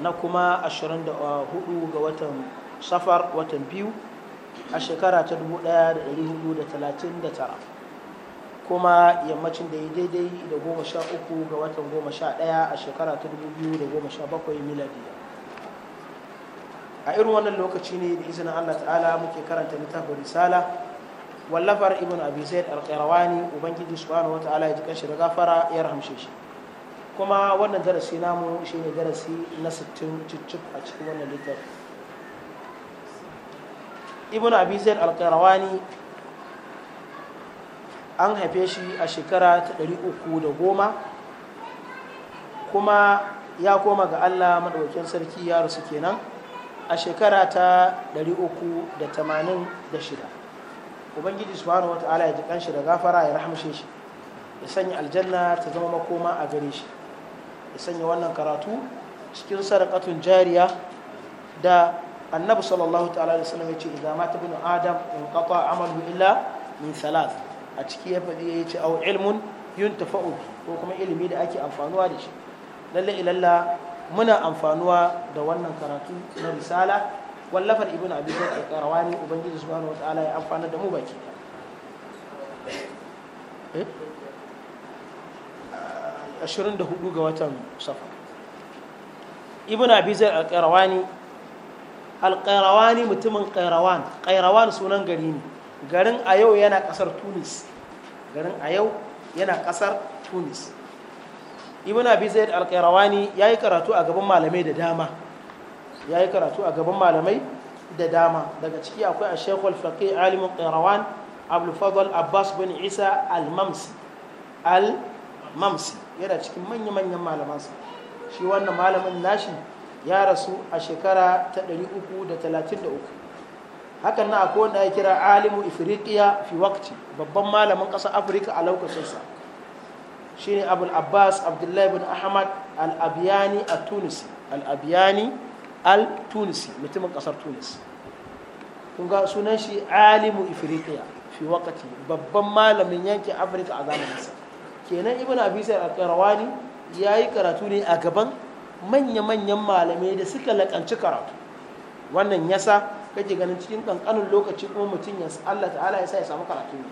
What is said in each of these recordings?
na kuma 24 ah, ga watan safar watan biyu a shekara ta 1439 kuma yammacin da ya daidai da 13 ga watan 11 a shekara ta 2017 miladiya a irin wannan lokaci ne da izinin allah ta'ala muke karanta littafin risala wallafar ibn abi zaid al ubangiji subhanahu wa ta'ala ya ji kashi da gafara ya rahamshe shi kuma wannan darasi namu shi ne darasi na 60 cicif a cikin wannan littafi ibn abi zaid al an haife shi a shekara ta 310 kuma ya koma ga allah maɗaukin sarki ya rasu kenan a shekara ta 386 ubangiji subhanahu wa ta'ala ya ji kanshi da gafara ya rahamshe shi ya sanya aljanna ta zama makoma a gare shi ya sanya wannan karatu cikin sadakatun jariya da annabi sallallahu ta'ala da sallam yace idza mata ibnu adam in qata amalu illa min thalath a ciki ya fadi yace au ilmun yuntafa'u ko kuma ilimi da ake amfanuwa da shi lalle ilalla muna amfanuwa da wannan karatu na risala wallafar ibnu abi bakr qarawani ubangiji subhanahu wa ta'ala ya amfana da mu baki eh 24 ga watan safa ibn abi zai alƙairawani alƙairawani mutumin qairawan qairawan sunan gari ne garin a yau yana kasar tunis garin a yau yana kasar tunis ibn abi zai alƙairawani yayi karatu a gaban malamai da dama yayi karatu a gaban malamai da dama daga ciki akwai a al shekwal faƙi qairawan abul fadl abbas bin isa al-mamsi al-mamsi mamsi yana cikin manya-manyan malamansa shi wannan malamin nashi ya rasu a shekara ta 333 hakan na akwai wanda ya kira alimu ifirikiya fi wakti babban malamin ƙasar afirka a lokacinsa shi ne abul abbas abdullahi bin ahmad al-abiyani a tunisi al-abiyani al-tunisi mutumin ƙasar tunis kunga sunan shi alimu ifirikiya fi wakati babban malamin yankin afirka a zamaninsa kenan ibn abisar al-qarawani ya yi karatu ne a gaban manya-manyan malamai da suka lakanci karatu wannan yasa kake ganin cikin kankanin lokaci kuma mutum ya Allah ta'ala ya sa ya samu karatu ne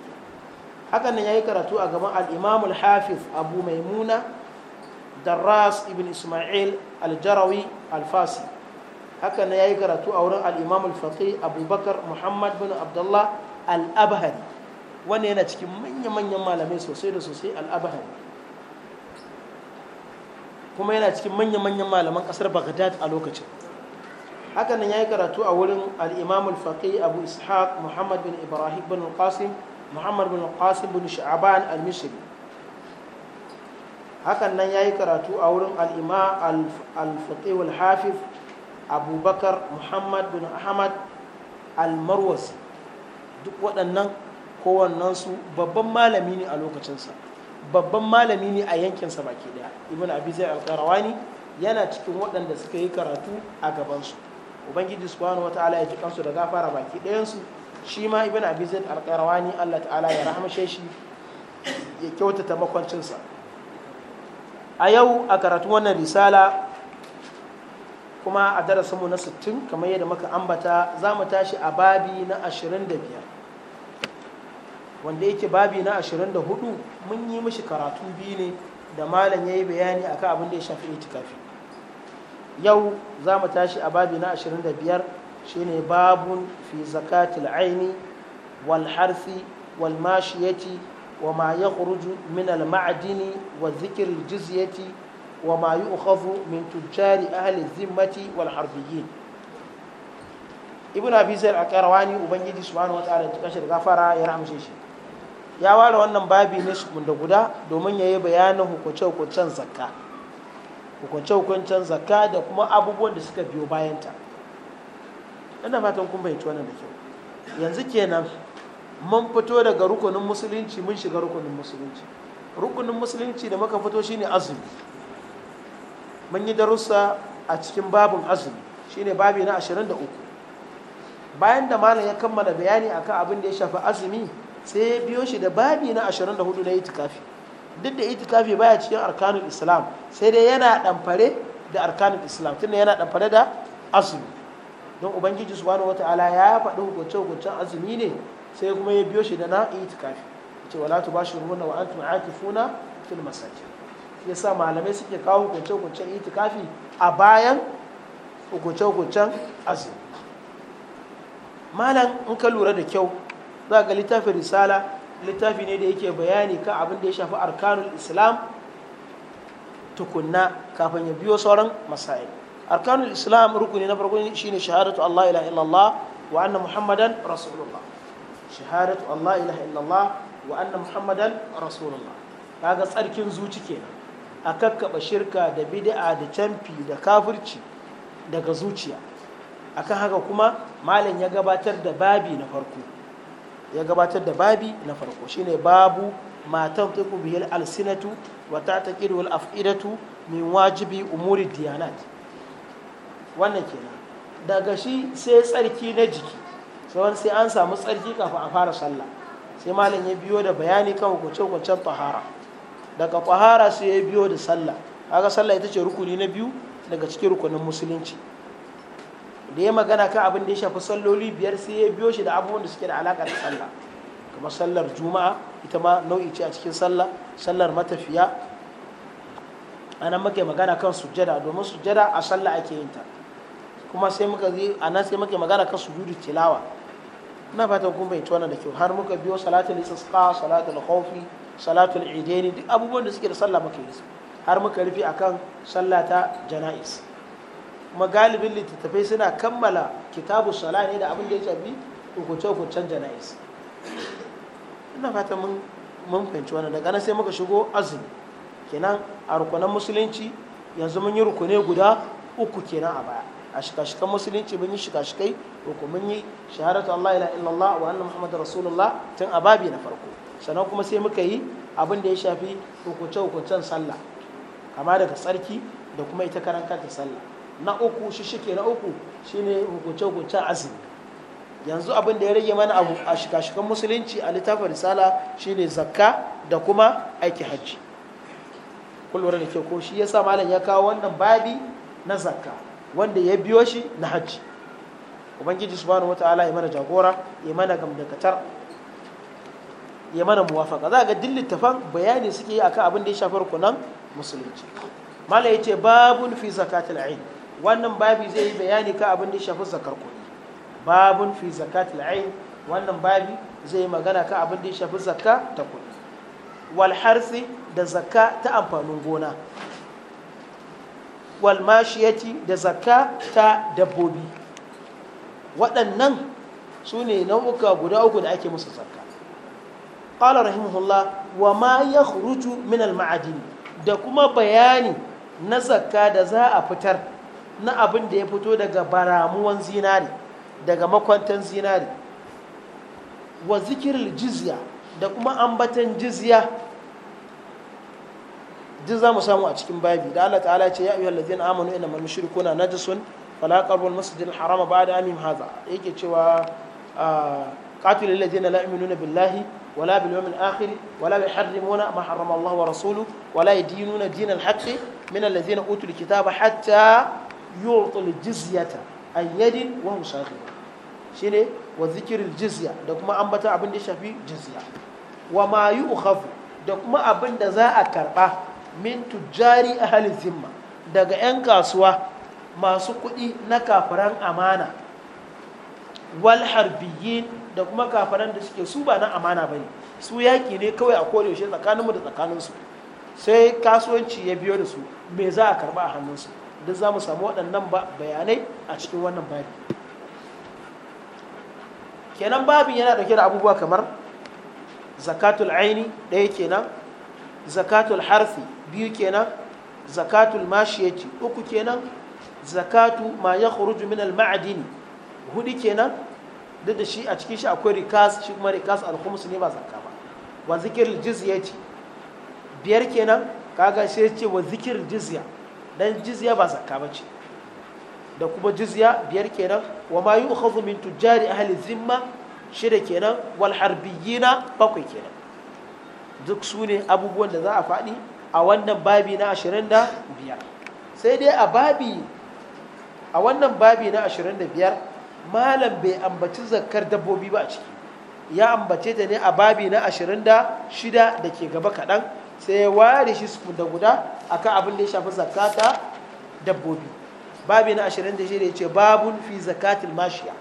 hakan nan yayi karatu a gaban al-imam al-hafiz abu maimuna darras ibn isma'il al-jarawi al-fasi hakan nan yayi karatu a wurin al-imam al-faqih abubakar muhammad bin abdullah al-abhari wannan yana cikin manya-manyan malamai sosai da sosai al'abahan kuma yana cikin manya-manyan malaman ƙasar baghdad a lokacin hakan nan ya yi karatu a wurin al'imamul faƙi abu ishaq muhammad bin ibrahim bin qasim muhammad bin qasim bin sha'aban al hakan nan ya yi karatu a wurin al'ima al-faƙi wal-hafif abubakar muhammad bin ahmad al-marwasi duk waɗannan kowannensu babban malami ne a lokacinsa babban malami ne a yankinsa baki daya ibn abi zai alkarawani yana cikin waɗanda suka yi karatu a gabansu ubangiji subhanahu wata ala ya ji kansu da gafara baki ɗayansu shi ma ibn abi zai alkarawani allah ta'ala ya rahamshe shi ya kyautata makwancinsa a yau a karatu wannan risala kuma a darasinmu na 60 kamar yadda muka ambata za mu tashi a babi na 25 wanda yake babi na 24 mun yi mishi karatu biyu ne da malam ya yi bayani akan abin da ya shafi itikafi yau za mu tashi a babi na 25 shine babun fi zakatil aini wal harfi wal mashiyati wa ma kuruju min al ma'dini wa dhikr jizyati wa ma yu'khafu min tujjari ahli zimmati wal harfiyin ibn abi a al ubangiji subhanahu wa ta'ala ya tukashi da gafara ya rahamshe shi ya ware wannan babi ne da guda domin ya yi bayanin hukunce-hukuncen zakka hukunce-hukuncen zakka da kuma abubuwan da suka biyo bayanta ina fatan kun bayyanci wannan da kyau yanzu kenan mun fito daga rukunin musulunci mun shiga rukunin musulunci rukunin musulunci da muka fito shine azumi mun yi darussa a cikin babin azumi shine babi na 23 bayan da malam ya kammala bayani akan abin da ya shafi azumi sai ya biyo shi da babi na 24 na itikafi duk da itikafi baya cikin arkanun islam sai dai yana ɗamfare da arkanun islam tunda yana ɗamfare da azumi don ubangiji subhanahu wataala ya faɗi hukunce hukuncen azumi ne sai kuma ya biyo shi da na itikafi ce wala tubashiruna wa antum aakifuna fil masajid yasa malamai suke kawo hukunce hukuncen itikafi a bayan hukunce hukuncen azumi malam in ka lura da kyau za ga littafin risala littafi ne da yake bayani kan abin da ya shafi arkanul islam tukunna kafin ya biyo sauran masail arkanul islam rukuni na farko shine shahadatu allah ila illallah wa anna muhammadan rasulullah shahadatu allah ila illallah wa anna muhammadan rasulullah kaga tsarkin zuci kenan a kakkaba shirka da bid'a da canfi da kafirci daga zuciya akan haka kuma malam ya gabatar da babi na farko ya gabatar da babi na farko shine babu ma tantiqu bihil alsinatu wa ta'taqidu al af'idatu min wajibi umuri diyanat wannan kenan daga shi sai tsarki na jiki sauran sai an samu tsarki kafin a fara sallah sai malam ya biyo da bayani kan hukunce-hukuncen tahara daga tahara sai ya biyo da sallah haka sallah ita ce rukuni na biyu daga cikin rukunin musulunci da ya magana kan abin da ya shafi salloli biyar sai ya biyo shi da abubuwan da suke da alaka da sallah kamar sallar juma'a ita ma nau'i ce a cikin sallah sallar matafiya anan muke magana kan sujjada domin sujjada a sallah ake yin ta kuma sai muka yi anan sai muke magana kan sujudu tilawa ina fatan kun bai tona da kyau har muka biyo salatul istisqa salatul khawfi salatul idaini duk abubuwan da suke da sallah muke yi har muka rufe akan sallah ta jana'is kuma galibin littattafai suna kammala kitabu sala ne da abin da ya shafi hukuce-hukucen jana'is ina fata mun fahimci wannan daga nan sai muka shigo azumi kenan a rukunan musulunci yanzu mun yi rukune guda uku kenan a baya a shikashikan musulunci mun yi shika-shikai uku mun yi shahadatu Allah ila illallah wa anna Muhammad rasulullah tun a na farko sannan kuma sai muka yi abin da ya shafi hukuce hukuncen sallah kama daga Sarki da kuma ita karan kanta sallah na uku shishike na uku shine hukunce-hukuncen azumi yanzu abin da ya rage mana abu a shika-shikan musulunci a littafin risala shine zakka da kuma aiki hajji kullum da ke ko shi ya sa malam ya kawo wannan babi na zakka wanda ya biyo shi na hajji ubangiji su bani wata ya mana jagora ya mana gamdakatar ya mana muwafaka za ga duk littafan bayani suke yi akan abin da ya shafar kunan musulunci malam ya ce babun fi zakatul ain wannan babi zai yi bayani ka abin da shafi zakar kuɗi babun fi zakat al'ain wannan babi zai yi magana ka abin da shafi zakka ta kuɗi wal harsi da zakka ta amfanin gona wal mashiyati da zakka ta dabbobi waɗannan su ne nau'uka guda uku da ake musu zakka qala rahimahullah wa ma yakhruju min al da kuma bayani na zakka da za a fitar na abin da ya fito daga baramuwan zinari daga makwantan zinari wa zikirin jizya da kuma ambatan jizya duk za mu samu a cikin babi da Allah ta'ala ce ya ayyuhal ladina amanu inna man mushrikuna najasun fala masu masjidil harama ba'da amin haza yake cewa ah, qatil alladina la yu'minuna billahi wala bil yawmil akhir wala yuharrimuna ma harrama Allah wa rasulu wala yadinuna dinal haqqi min alladina utul kitaba hatta yuwa jizyata a yadin wa shi ne wa zikirin jizya da kuma ambata abin da shafi jizya wa ma yu'khafu da kuma abin da za a karba min tujjari halin zimma daga 'yan kasuwa masu kuɗi na kafaran amana wal harbiyin da kuma kafaran da suke su ba na amana ba ne su yaƙi ne kawai a kore shi tsakaninmu da tsakaninsu sai kasuwanci ya biyo da su me za a karba a hannunsu duk za mu samu waɗannan bayanai a cikin wannan babi kenan babin yana dauke da abubuwa kamar zakatul aini ɗaya kenan zakatul harfi biyu kenan zakatul mashiyati uku kenan zakatu ma ya khuruju min al ma'adini hudu kenan duk da shi a cikin shi akwai rikas shi kuma rikas al khums ne ba zakka ba wa zikir jizyati biyar kenan kaga sai ce wa zikir jizya dan jizya ba zakka ba ce da kuma jizya biyar kenan wa ma yu'khadhu min tujjari ahli zimma shida kenan wal harbiyina bakwai kenan duk sune abubuwan da za a faɗi a wannan babi na 25 sai dai a babi a wannan babi na 25 malam bai ambaci zakkar dabbobi ba a ciki ya ambace ta ne a babi na 26 da ke gaba kaɗan sai ya ware shi su da guda a kan abin da ya shafi zakata dabbobi babi na 26 ya ce babun fi zakatil mashiya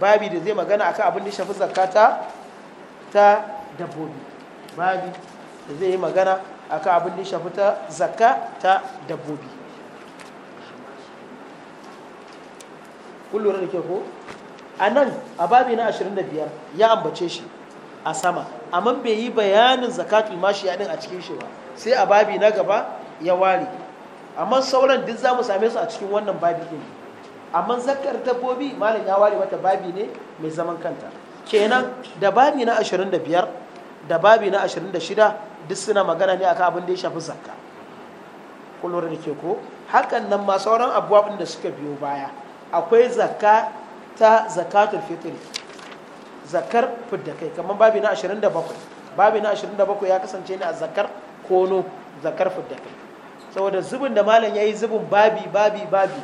babi da zai magana a kan abin da ya shafi zakata ta dabbobi babi da zai yi magana a kan abin da ya shafi ta zakka ta dabbobi kullum da ke ko a nan a babi na 25 ya ambace shi a sama amma bai yi bayanin zakatul mashiya din a cikin shi ba sai a babi na gaba ya ware amma sauran duk za mu same su a cikin wannan babi din amma zakar dabbobi malam ya ware mata babi ne mai zaman kanta kenan da babi na 25 da babi na 26 duk suna magana ne akan abin da ya shafi zakka kullum da ke ko hakan nan ma sauran abubuwan da suka biyo baya akwai zakka ta zakatul fitri zakar fidda kai kamar babi na 27 babi na 27 ya kasance ne a zakar kono zakar fidda kai saboda zubin da malam ya yi zubin babi babi babi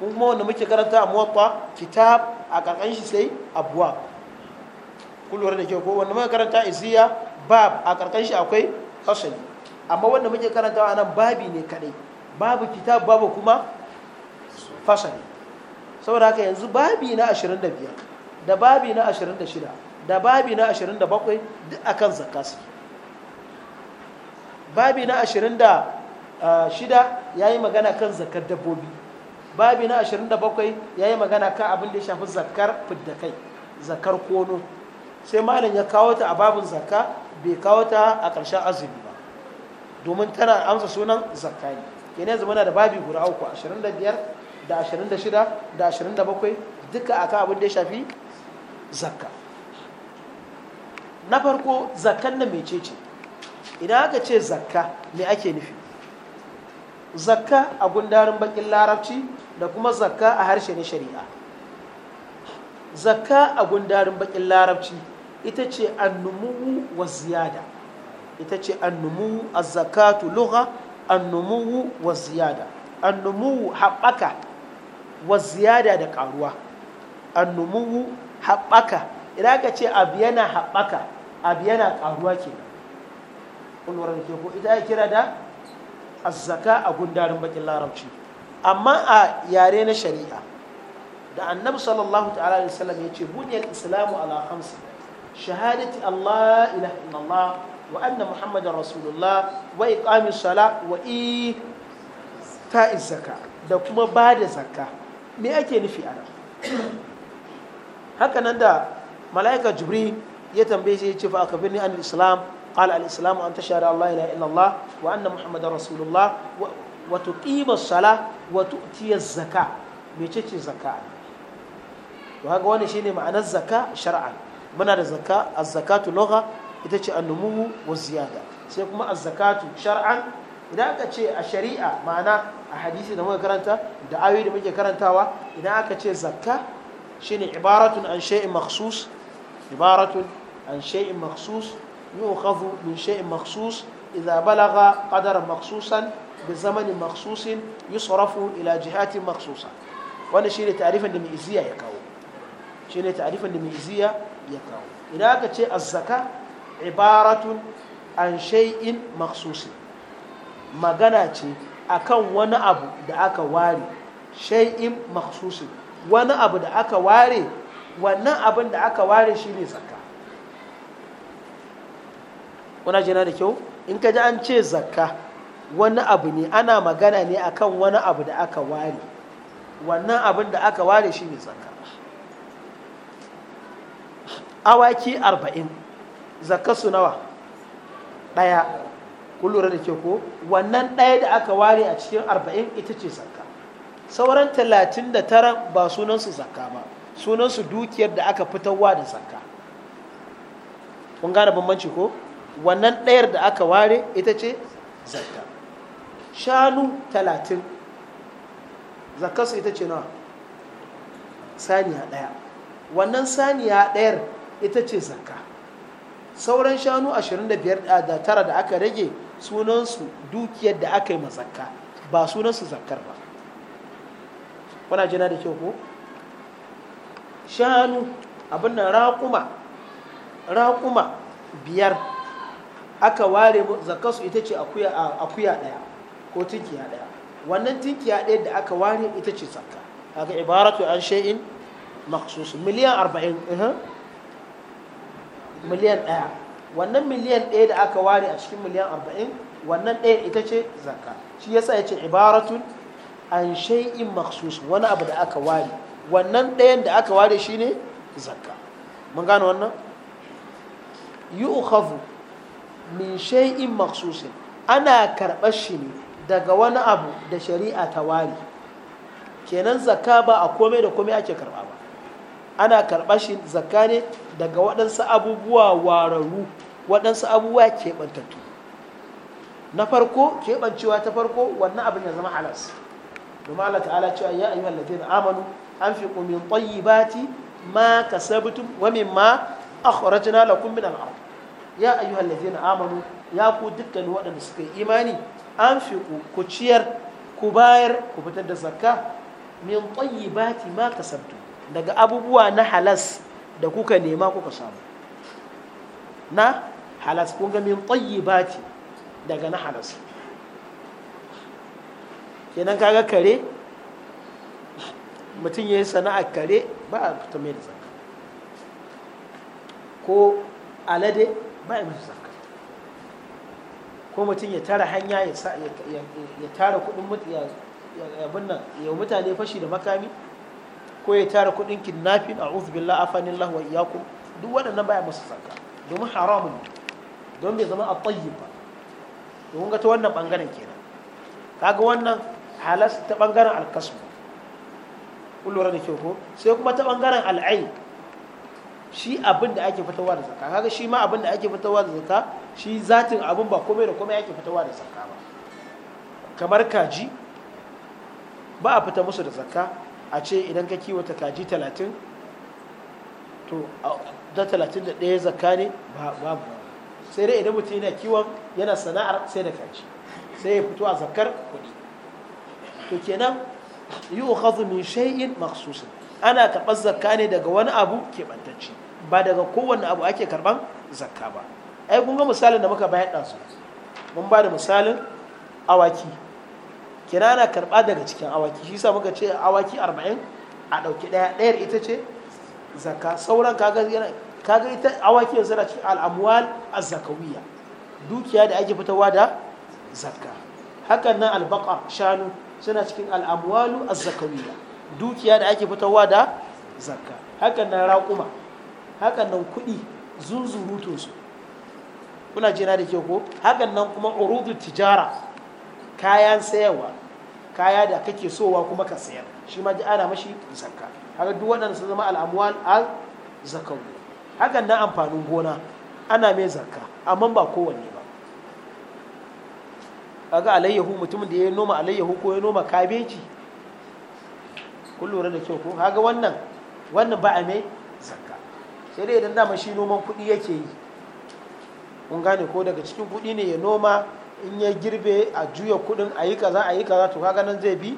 kuma wanda muke karanta a muwatta kitab a ƙarƙan shi sai abuwa kullum da kyau ko wanda muke karanta isiya bab a ƙarƙan shi akwai fasali amma wanda muke a nan babi ne kadai babu kitab babu kuma fasali saboda haka yanzu babi na 25 da babi na 26 da babi na 27 duk akan zakka su babi na 26 yayi magana kan zakkar dabbobi babi na 27 yayi magana kan abin da ya shafi zakkar fidda kai zakkar kono sai malam ya kawo ta a babin zakka bai kawo ta a ƙarshen azumi ba domin tana amsa sunan zakka ne kene yanzu da babi guda uku 25 da 26 da 27 duka aka abin da ya shafi zakka na farko zakkan na mece ce idan aka ce zakka me ake nufi zakka a gundarin bakin larabci da kuma zakka a harshe na shari'a zakka a gundarin bakin larabci ita ce annumu wa ziyada ita ce annumu a zakatu lugha annumu wa ziyada annumu haɓaka wa ziyada da ƙaruwa annumu haɓaka idan aka ce abu yana haɓaka abu yana ƙaruwa ke kulwar da ke ko ita ya kira da azzaka a gundarin bakin larabci amma a yare na shari'a da annabi sallallahu ta'ala alaihi wasallam ya ce buniyar islamu ala hamsin shahadati allah ilaha illallah wa anna muhammadar rasulullah wa sala wa ita'iz zaka da kuma ba da zakka me ake nufi a nan haka da mala'ika jibri ya tambayi shi ya ce fa aka bi ni an islam qala al islam an tashhadu allah ilaha illa allah wa muhammadar rasulullah wa tuqima sala wa tu'ti zaka me ce zaka to wani shine ma'anar zaka shar'an muna da zaka az-zakatu lugha ita ce an-numu wa sai kuma az-zakatu shar'an idan aka ce a shari'a ma'ana a hadisi da muka karanta da ayoyi da muke karantawa idan aka ce zakka shine ibaratun an shay'in makhsus ibaratun an shay'in makhsus yu'khadhu min shay'in makhsus idza balagha qadaran makhsusan bi zamanin makhsusin yusrafu ila jihatin makhsusa wannan shine ta'rifin da mai ya kawo shine ta'rifin da mai ya kawo idan aka ce az-zaka ibaratun an shay'in makhsusin magana ce akan wani abu da aka ware shay'in makhsusin wani abu da aka ware wannan abin da aka ware shi ne zakka kuna jina da kyau in ka ji an ce zakka wani abu ne ana magana ne akan wani abu da aka ware wannan abin da aka ware shi ne zakka awaki arba'in zakka su nawa ɗaya kun lura da ke ko wannan ɗaya da aka ware a cikin arba'in ita ce zakka sauran talatin da tara ba sunansu zakka ba sunansu dukiyar da aka fitarwa da zakka kun gane bambanci ko wannan ɗayar da aka ware ita ce zakka shanu 30 zakkarsu ita ce nawa saniya ɗaya wannan saniya ɗayar ita ce zakka sauran shanu 29 ah, da tara da aka rage sunansu dukiyar da aka yi mazakka ba sunansu zakkar ba kuna jina da kyau ko shanu abin nan raƙuma raƙuma biyar aka ware zakasu ita ce akuya daya ko tinkiya daya wannan tinkiya daya da aka ware ita ce zakka kaga ibaratu an shay'in makhsus miliyan 40 uh-huh. miliyan daya wannan miliyan daya da aka ware a cikin miliyan 40 wannan daya ita ce zakka shi yasa yace ce ibaratun an shay'in makhsus wani abu da aka ware wannan ɗayan da aka ware shine zakka mun gane wannan yu'khadhu min shay'in makhsusin ana karɓar shi ne daga wani abu da shari'a ta ware kenan zakka ba a komai da komai ake karɓa ba ana karɓar shi zakka ne daga waɗansu abubuwa wararru waɗansu abubuwa keɓantattu na farko keɓancewa ta farko wannan abin ya zama alas. domin Allah ta'ala cewa ya ayyuhal ladina amanu anfiqu min tayyibati ma kasabtum wa mimma akhrajna lakum min al-ard ya ayyuhal ladina amanu ya ku dukkan waɗanda suka yi imani anfiqu ku ciyar ku bayar ku fitar da zakka min tayyibati ma kasabtum daga abubuwa na halas da kuka nema kuka samu na halas kun ga min tayyibati daga na halas kenan kaga kare mutum ya yi sana'a kare ba a fito mai da zaka ko alade ba a mai zaka ko mutum ya tara hanya ya tara kudin abin nan ya mutane fashi da makami ko ya tara kudin kidnapping a uzbillah afanin lahwa iyakum duk waɗannan baya musu zaka domin haramun don bai zama a tsayi ba domin ga ta wannan ɓangaren kenan kaga wannan halas ta bangaren alkasu kullura da kyau ko sai kuma ta bangaren al'ai shi abin da ake fitowa da zaka kaga shi ma abin da ake fitowa da zaka shi zatin abin ba komai da komai ake fitowa da zaka ba kamar kaji ba a fita musu da zaka a ce idan ka kiwata kaji talatin to da talatin da ɗaya zakka ne babu sai dai idan mutum yana kiwon yana sana'ar sai da kaji sai ya fito a zakar. kuɗi to kenan yu'khadhu min shay'in makhsusin ana karɓar zakka ne daga wani abu keɓantacce ba daga kowane abu ake karbar zakka ba ai kun ga misalin da muka bayar ɗansu mun ba da misalin awaki kira ana karɓa daga cikin awaki shi sa muka ce awaki arba'in a ɗauki ɗaya ɗayar ita ce zakka sauran kaga ita awaki yanzu na cikin al'amwal azzakawiyya dukiya da ake fitowa da zakka hakan nan albaka shanu suna cikin al'amwalu azzakawiya dukiya da ake fitowa da zakka hakan nan raƙuma hakan nan kuɗi zunzurutunsu kuna jina da ke ko hakan nan kuma urudu tijara kayan sayarwa kaya da kake sowa kuma ka sayar shi ma ana mashi zakka haka duk waɗanda su zama al'amwal al zakawiya hakan nan amfanin gona ana mai zakka amma ba kowanne kaga alayyahu mutumin da ya noma alayyahu ko ya noma kabeji kun lura da kyau ko kaga wannan wannan ba a mai zakka sai dai idan dama shi noman kuɗi yake yi kun gane ko daga cikin kuɗi ne ya noma in ya girbe a juya kuɗin a yi kaza a yi kaza to kaga nan zai bi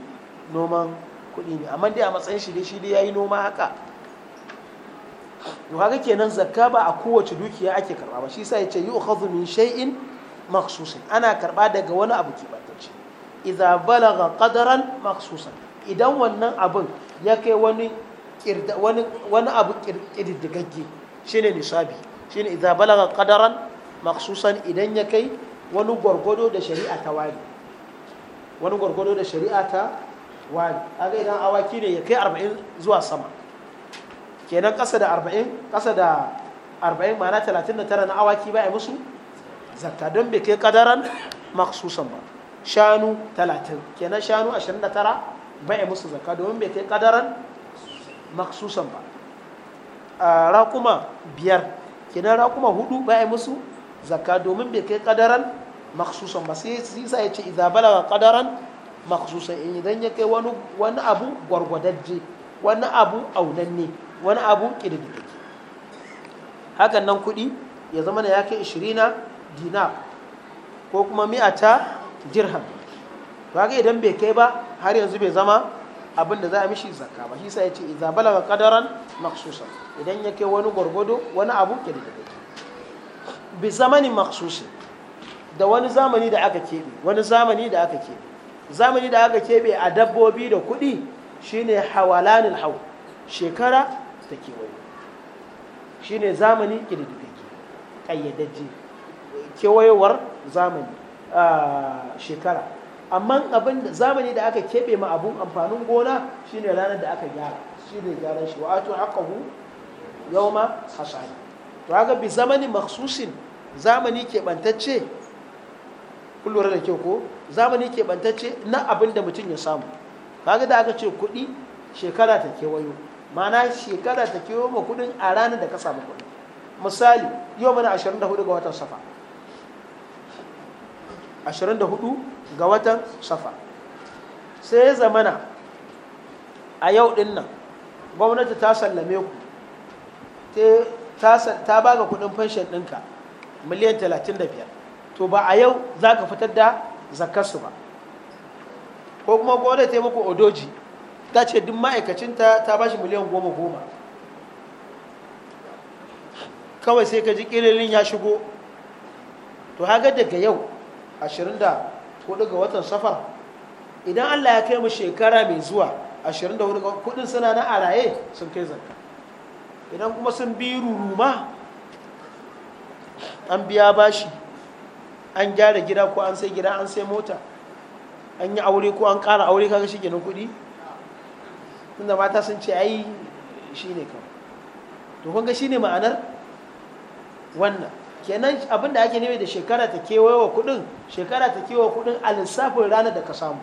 noman kuɗi ne amma dai a matsayin shi dai shi dai ya yi noma haka to kaga kenan zakka ba a kowace dukiya ake karɓa ba shi yasa ya ce yi ukhadhu min shay'in maksusin ana karɓa daga wani abu kibatacce idza balagha idan wannan abin ya kai wani abu ƙididdigagge shine nisabi shine idza idan ya kai wani gwargwado da shari'a ta wani wani gwargwado da shari'a ta wani kaga idan awaki ne ya kai 40 zuwa sama kenan kasa da 40 kasa da 40 ma'ana 39 na awaki ba a musu zakka don bai kai kadaran maksusan ba shanu 30 kenan shanu 29 bai musu zakka domin bai kai kadaran maksusan ba raƙuma biyar kenan raƙuma hudu bai musu zakka domin bai kai kadaran maksusan ba sai sa ya ce idza balaga kadaran maksusan idan ya kai wani wani abu gwargwadajje wani abu aunanne wani abu kididdige hakan nan kuɗi ya zama na ya kai 20 dinar ko kuma mi'ata dirham ba ga idan bai kai ba har yanzu bai zama abin da za a mishi zakka ba shi sa ya ce idza balaga qadaran maqsusa idan ya kai wani gwargwado wani abu ke da kake bi zamanin maqsusi da wani zamani da aka kebe wani zamani da aka kebe zamani da aka kebe a dabbobi da kuɗi shine hawalanil hau shekara ta kewaye shine zamani kididdigagge ƙayyadajje kewayowar zamani shekara amma abin da zamani da aka keɓe ma abun amfanin gona shine ranar da aka gyara shine gyaran shi wa hu yau ma hasari to haka bi zamani maksusin zamani keɓantacce kun da kyau ko zamani keɓantacce na abin da mutum ya samu kaga da aka ce kuɗi shekara ta kewayo mana shekara ta kewayo ma kuɗin a ranar da ka samu kuɗi misali yau mana 24 ga watan safa 24 ga watan safa sai ya zamana a yau din nan gwamnati ta sallame ku ta ba ga kudin fanshin ɗinka miliyan 35 to ba a yau za ka fitar da zakarsu ba ko kuma gwamnati ta muku odoji ta ce duk ma'aikacinta ta ba shi miliyan goma goma kawai sai ka ji ƙirilin ya shigo to haka daga yau ashirin da hudu ga watan safar idan Allah ya kai mu shekara mai zuwa ashirin 24 ga kudin suna na araye sun kai zakka idan kuma sun bi ruruma an biya bashi an gyara gida ko an sai gida an sai mota an yi aure ko an kara aure kaga shi kenan kuɗi inda mata sun ce ai shi ne kawai to kun ga shi ne ma'anar wannan kenan abin da ake nufi da shekara ta wa kudin shekara ta wa kudin a lissafin ranar da ka samu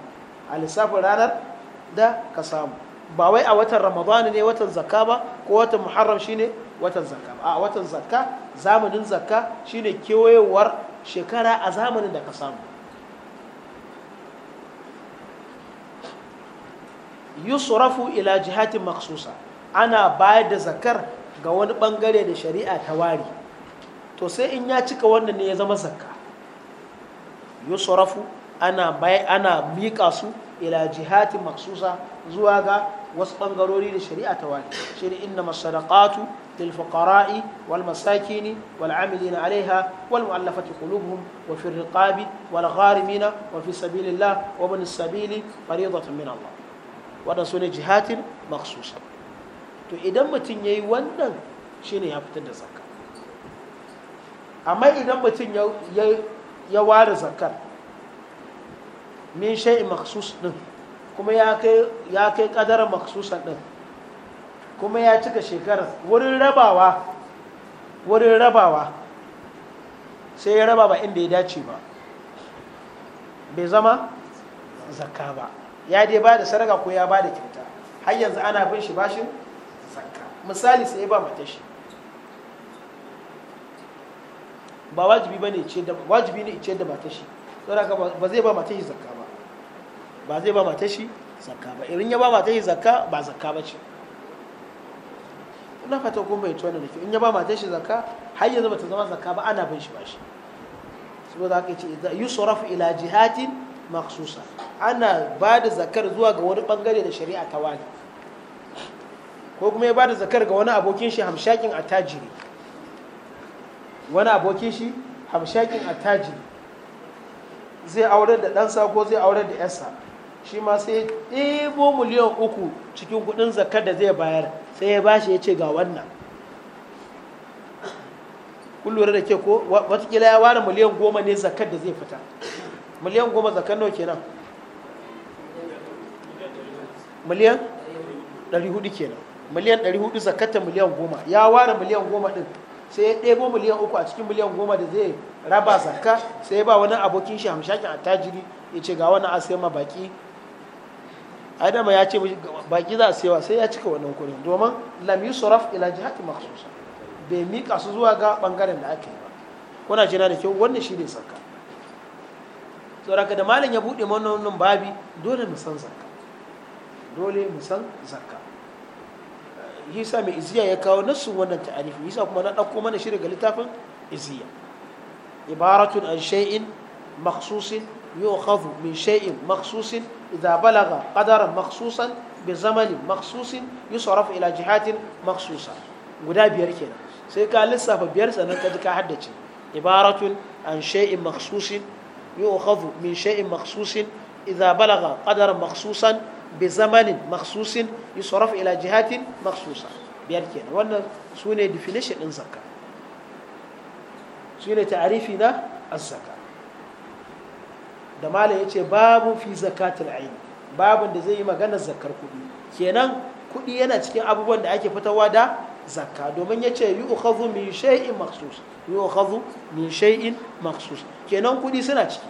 a lissafin ranar da ka samu ba wai a watan ramadani ne watan zakka ba ko watan muharram shine watan zakka ba a watan zakka zamanin zakka shine kewayewar shekara a zamanin da ka samu yusrafu ila jihatin maksusa ana bayar da zakar ga wani bangare da shari'a ta wari to sai in ya cika wannan ne ya zama zakka yusrafu ana bai ana miƙa su ila jihati maksusa zuwa ga wasu ɓangarori da shari'a ta wani shi inna masadaqatu lil fuqara'i wal masakini wal amilina alaiha wal mu'allafati qulubuhum wa fi riqabi wal gharimina wa fi sabilillah wa bin sabili fariidatan min Allah wadan sune jihatin maksusa to idan mutum yayi wannan shine ya fitar da zakka amma idan mutum ya ware zakar min shai maksus din kuma ya kai kadar maksusa din kuma ya cika shekarar wurin rabawa wurin rabawa sai ya raba ba inda ya dace ba bai zama zakka ba ya dai ba da sarga ko ya ba da kyauta har yanzu ana bin shi bashin zakka misali sai ya ba matashi shi ba wajibi bane ce da wajibi ne ce da matashi don haka ba zai ba matashi zakka ba ba zai ba matashi zakka ba irin ya ba matashi zakka ba zakka ba ce ina fata kuma bai tona da in ya ba matashi zakka har yanzu ba ta zama zakka ba ana bin shi ba shi saboda ka ce yusrafu ila jihatin maksusa ana ba da zakar zuwa ga wani bangare da shari'a ta wani ko kuma ya ba da zakar ga wani abokin shi hamshakin attajiri wani abokin shi hamshakin Attaji zai aure da ɗansa ko zai aure da yasa shi ma sai ɗibo miliyan uku cikin kuɗin zakar da zai bayar sai ya bashi ya ce ga wannan kun da ke ko watakila ya ware miliyan goma ne zakar da zai fita miliyan goma zakar nawa kenan miliyan 400 kenan miliyan 400 zakar ta miliyan goma ya ware miliyan goma din. sai ya ɗebo miliyan uku a cikin miliyan goma da zai raba zakka sai ya ba wani abokin shi hamshakin attajiri ya ce ga wani a sai ma baki adama ya ce baki za a sayawa sai ya cika wannan kuɗin domin lam yusraf ila jihati makhsusa bai mika su zuwa ga bangaren da aka yi ba kuna na da kyau wannan shi ne zakka saboda da malam ya buɗe mana wannan babi dole mu dole mu san zakka yasa mai iziya ya kawo nasu wannan ta'arifi yasa kuma na ɗauko mana shirya daga littafin iziya ibaratun an shay'in makhsusin yu'khadhu min shay'in makhsusin idza balaga qadaran makhsusan bi zamanin makhsusin yusrafu ila jihatin makhsusa guda biyar kenan sai ka lissafa biyar sannan ka ji ka haddace ibaratun an shay'in makhsusin yu'khadhu min shay'in makhsusin idza balaga qadaran makhsusan bizamanin maksusin yusraf ila jihatin maksusa biyar kenan wannan su ne definition ɗin zakka su ne ta'arifi na azzaka da malam ya ce babu fi zakatul aini babun da zai yi maganar zakar kuɗi kenan kuɗi yana cikin abubuwan da ake fitarwa da zakka domin ya ce yu'khadhu min shay'in makhsus yu'khadhu min shay'in makhsus kenan kuɗi suna ciki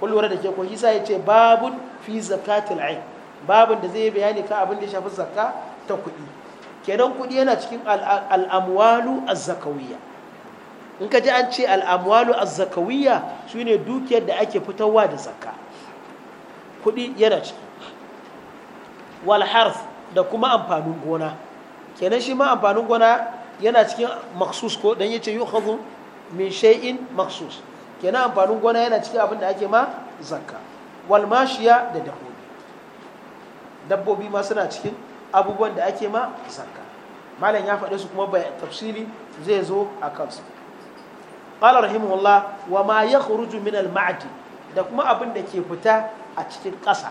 kun da ke ko hisa ya ce babun fi zakatul aini babin da zai bayani ka abin da ya shafi zakka ta kuɗi kenan kuɗi yana cikin al'amwalu azzakawiyya in ka ji an ce al'amwalu azzakawiyya su ne dukiyar da ake fitowa da zakka kuɗi yana ciki walharf da kuma amfanin gona kenan shi ma amfanin gona yana cikin maksus ko dan yace yukhadhu min shay'in maksus kenan amfanin gona yana cikin abin da ake ma zakka walmashiya da dahu dabbobi ma suna cikin abubuwan da ake ma zakka malam ya faɗe su kuma bai tafsili zai zo a kansu qala rahimahullah wa ma yakhruju min al da kuma abin da ke fita a cikin ƙasa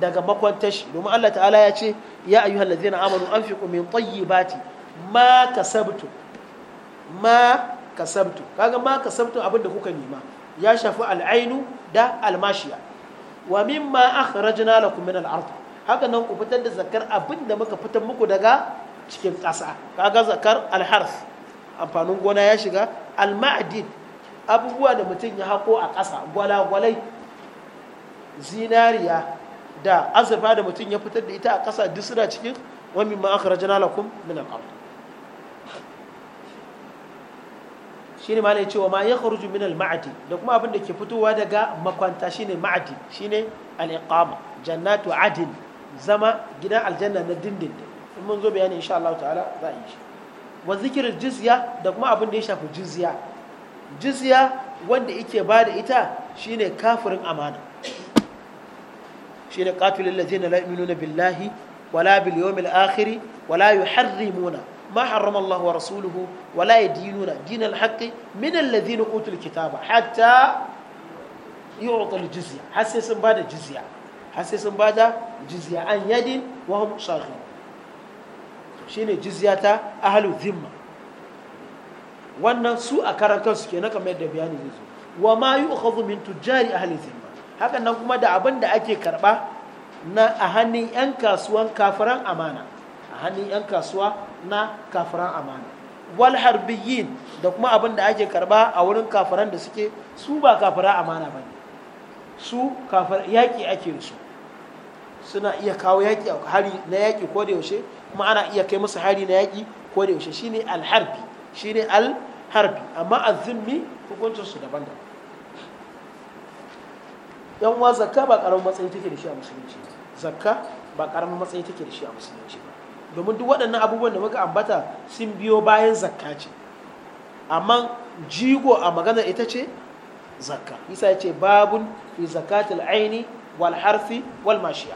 daga makwantar domin Allah ta'ala ya ce ya ayyuhal ladzina amanu anfiqu min tayyibati ma kasabtum ma kasabtu kaga ma kasabtu abin da kuka nema ya shafi al'ainu da almashiya wa mimma akhrajna lakum min al-ardh haka nan ku fitar da zakar abin da muka fitar muku daga cikin ƙasa kaga zakar alhars amfanin gona ya shiga alma'adin abubuwa da mutum ya hako a ƙasa gwalagwalai zinariya da azurfa da mutum ya fitar da ita a ƙasa duk suna cikin wani ma'akarar janalakun min al-ard ma cewa ma ya kharuju min al da kuma abin da ke fitowa daga makwanta shine ma'adi shine al-iqama jannatu adin zama gidan aljanna na dindindin in mun zo bayani insha Allah ta'ala za a yi shi wa zikirin jizya da kuma abin da ya shafi jizya jizya wanda yake ba da ita shine kafirin amana shine qatilul ladzina la yu'minuna billahi wala bil yawmil akhir wala yuharrimuna ما حرم الله ورسوله ولا يدينون دين الحق من الذين اوتوا الكتاب حتى يعطوا الجزيه sun بعد الجزيه har sai sun bada jizya an yadin wa hum shine jizya ta ahalu zimma wannan su a karantar su ke na kamar yadda bayani zai zo wa ma yi yu'khadhu min tujari ahli zimma hakan nan kuma da abin da ake karba na a hannun yan kasuwan kafiran amana a hannun yan kasuwa na kafiran amana wal yin da kuma abin da ake karba a wurin kafiran da suke su ba kafiran amana ne su yaƙi ake su suna iya kawo yaƙi a hari na yaƙi ko da yaushe kuma ana iya kai masa hari na yaƙi ko da yaushe shine alharbi shine alharbi amma azumi hukuncin su daban daban yan uwa zakka ba karamin matsayi take da shi a musulunci zakka ba karamin matsayi take da shi a musulunci ba domin duk waɗannan abubuwan da muka ambata sun biyo bayan zakka ce amma jigo a magana ita ce zakka isa ya ce babun fi zakatul aini wal harfi wal mashiya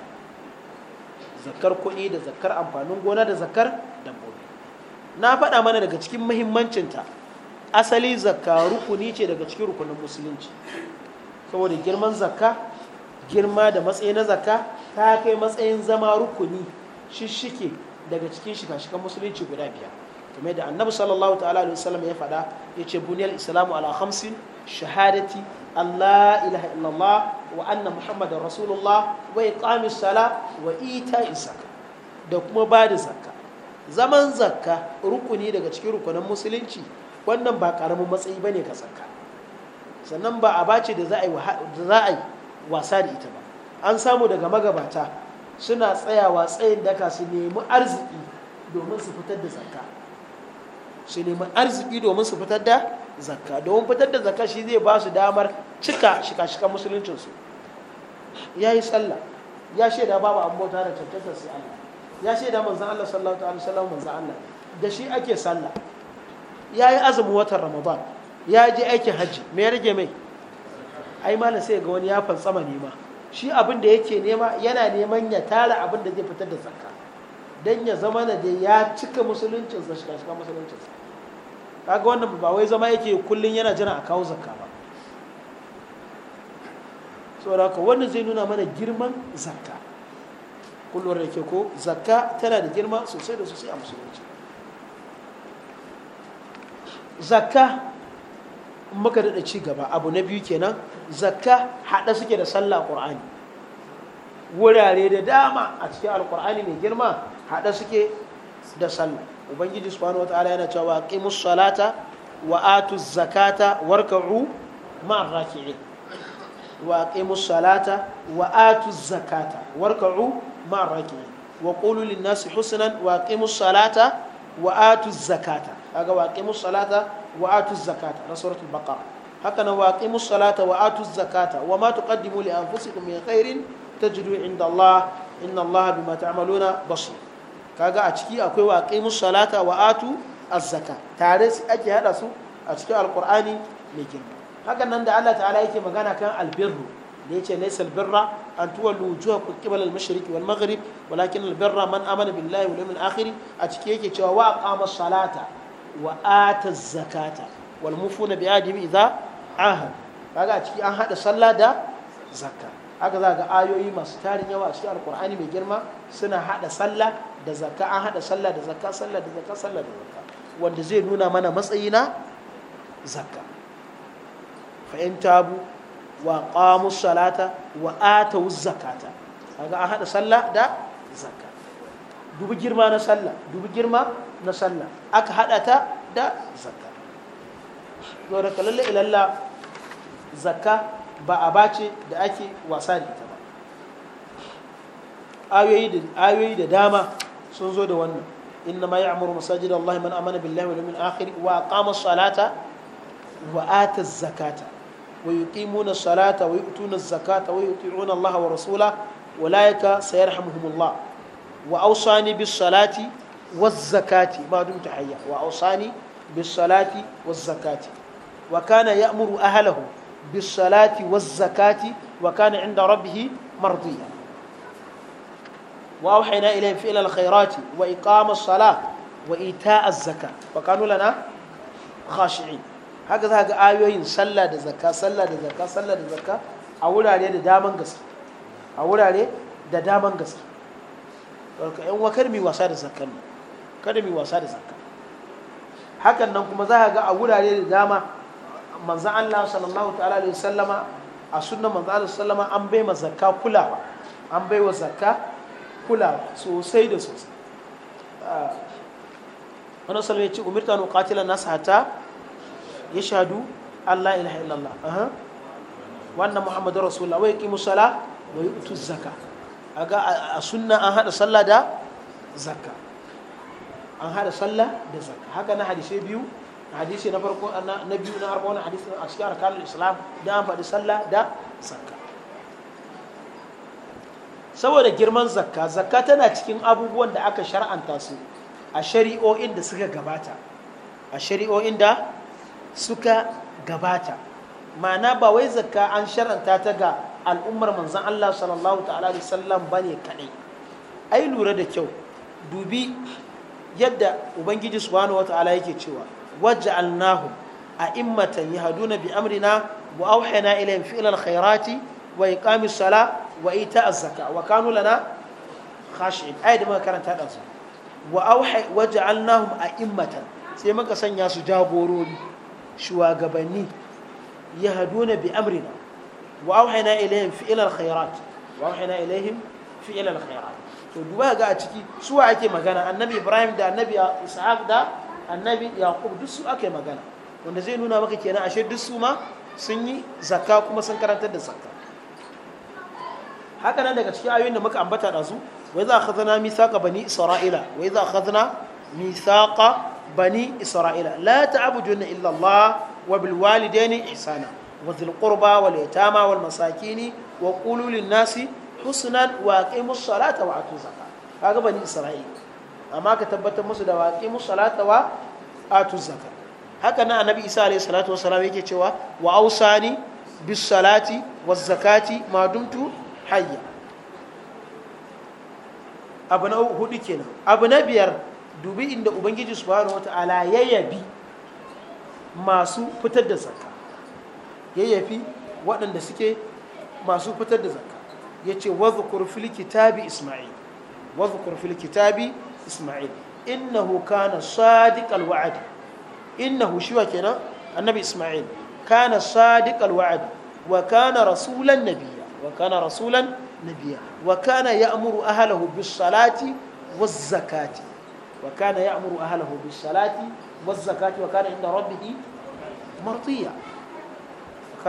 zakar kuɗi da zakar amfanin gona da zakar dabbobi na faɗa mana daga cikin muhimmancinta asali zakka rukuni ce daga cikin rukunin musulunci saboda girman zakka girma da matsayi na zakka ta kai matsayin zama rukuni shishike daga cikin shikashikan musulunci guda biyar kamar da annabi sallallahu ta'ala alaihi wasallam ya faɗa ya ce buniyar islamu ala hamsin shahadati Allah ilaha illallah wa anna muhammadar rasulullah wa iqamis sala wa ita isaka da kuma ba da zakka zaman zakka rukuni daga cikin rukunin musulunci wannan ba karamin matsayi ne ka zakka sannan ba a bace da za a yi wasa da ita ba an samu daga magabata suna tsayawa tsayin daka su nemi arziki domin su fitar da zakka su nemi arziki domin su fitar da zakka domin fitar da zakka shi zai ba su damar cika shika-shika musuluncinsu ya yi sallah ya shaida babu an bauta da cancantar sai Allah ya shaida manzan Allah sallallahu ta'ala wasallam manzan Allah da shi ake sallah ya yi azumin watan Ramadan ya je aikin hajji me ya rage mai ai malam sai ga wani ya fansama nema shi abin da yake nema yana neman ya tara abin da zai fitar da zakka dan ya zama na da ya cika musuluncinsa shiga shiga musuluncinsa kaga wannan ba wai zama yake kullum yana jira a kawo zakka ba saboda haka wannan zai nuna mana girman zakka kullum da ke ko zakka tana da girma sosai da sosai a musulunci zakka muka daɗa ci gaba abu na biyu kenan zakka haɗa suke da sallah ƙur'ani wurare da dama a cikin alƙur'ani mai girma haɗa suke da sallah ubangiji subhanahu wataala yana cewa qimus salata wa atuz zakata warka'u ma'ar raki'in wa qimus salata wa atuz zakata warka'u ma'ar raki'in wa qulu lin nasi husnan wa qimus salata wa atuz zakata kaga wa qimus salata wa atuz zakata na suratul baqara haka nan wa qimus salata wa atuz zakata wa ma tuqaddimu li anfusikum min khairin tajidu inda Allah inna Allah bima ta'maluna basir kaga a ciki akwai wa salata wa atu tare su ake hada su a cikin alqur'ani mai girma hakan nan da Allah ta'ala yake magana kan albirru da yace laysa albirra an tuwallu wujuhakum qibala al-mashriq wal maghrib walakin albirra man amana billahi wal yawmil akhir a ciki yake cewa wa aqamus salata wa ata zakata wal mufuna bi adimi idza ahad kaga a ciki an hada sallah da zakka haka za ga ayoyi masu tarin yawa a cikin alqur'ani mai girma suna hada sallah da zakka an haɗa sallah da zakka sallah da zakka sallah da zakka wanda zai nuna mana matsayi na zakka fa'in tabu wa qamu salata wa atawu zakata kaga an haɗa sallah da zakka dubi girma na sallah dubi girma na sallah aka haɗa ta da zakka zaune ka lalle ilalla zakka ba a bace da ake wasa da ita ba ayoyi da dama sun zo da wannan inna ma ya'muru masajid Allah man amana billahi wal yawmil akhir wa aqama salata wa ata zakata wa yuqimuna salata wa yu'tuna zakata wa yuti'una Allah wa rasula ulaika Allah. wa awsani bis salati waz zakati ma dumtu hayya wa awsani bis salati waz zakati wa kana ya'muru ahlahu bis salati waz zakati wa kana 'inda rabbih mardiya وأوحينا إليهم فعل الخيرات وإقام الصلاة وإيتاء الزكاة فكانوا لنا خاشعين هكذا هكذا آيوين صلى دا زكاة صلى دا زكاة صلى دا زكاة أولا عليه دا دامن قصر أولا عليه دا دامن قصر وكرمي وصار زكاة كرمي وصار زكاة hakan nan kuma za ka ga a wurare da dama manzan Allah sallallahu ta'ala alaihi sallama a sunnan manzan Allah sallama an bai ma zakka kulawa an bai wa zakka Kula sosai da sosai wani ya ce umirta na ƙatilan nasa hata ya shahadu allah ilaha illallah wannan muhammadu rasulullah wai wa yi utu zaka a ga a sunna an sallah da zaka an sallah da zaka haka na biyu na farko na biyu na hadisi a cikin arkanul islam da an faɗi sallah da zaka saboda girman zakka zakka tana cikin abubuwan da aka shar'anta su a shari'o'in da suka gabata a shari'o'in da suka gabata ma'ana ba wai zakka an shar'anta ta ga al'ummar manzan Allah sallallahu ta'ala da sallam ba ne kaɗai ai lura da kyau dubi yadda ubangiji subhanahu wa ta'ala yake cewa a a'immatan Haduna bi amrina wa auhayna ilayhim fi'lal khairati wa iqamis sala wa ita az-zaka wa kanu lana khashi'in ayat da muka karanta da su wa auha wa ja'alnahum a'immatan sai muka sanya su jagorori shugabanni yahduna bi amrina to duba ga a ciki su wa ake magana annabi ibrahim da annabi ishaq da annabi yaqub duk su ake magana wanda zai nuna maka kenan ashe duk su ma sun yi zakka kuma sun karantar da zakka haka nan daga cikin ayoyin da muka ambata da su wai za a khazana misaqa bani isra'ila wai za a khazana misaqa bani isra'ila la ta'buduna illa Allah wa bil walidaini ihsana wa dhil qurba wal yatama wal masakin wa qulu lin nasi husnan wa aqimus salata wa atu zakat kaga bani isra'ila amma ka tabbatar musu da wa aqimus salata wa atu zakat haka nan annabi isa alayhi salatu wa wassalam yake cewa wa ausani bis salati waz zakati ma dumtu hayya abu na hudu kenan abu na biyar dubi inda ubangiji subhanahu wata'ala ya yabi masu fitar da zakka ya yafi waɗanda suke masu fitar da zakka ya ce wazukur fil kitabi isma'il wazukur fil kitabi isma'il innahu kana sadiqal wa'd innahu shiwa kenan annabi isma'il kana sadiqal wa'd wa kana rasulan nabiyya wa kana rasulan nabiya wa kana ya'muru zakati wa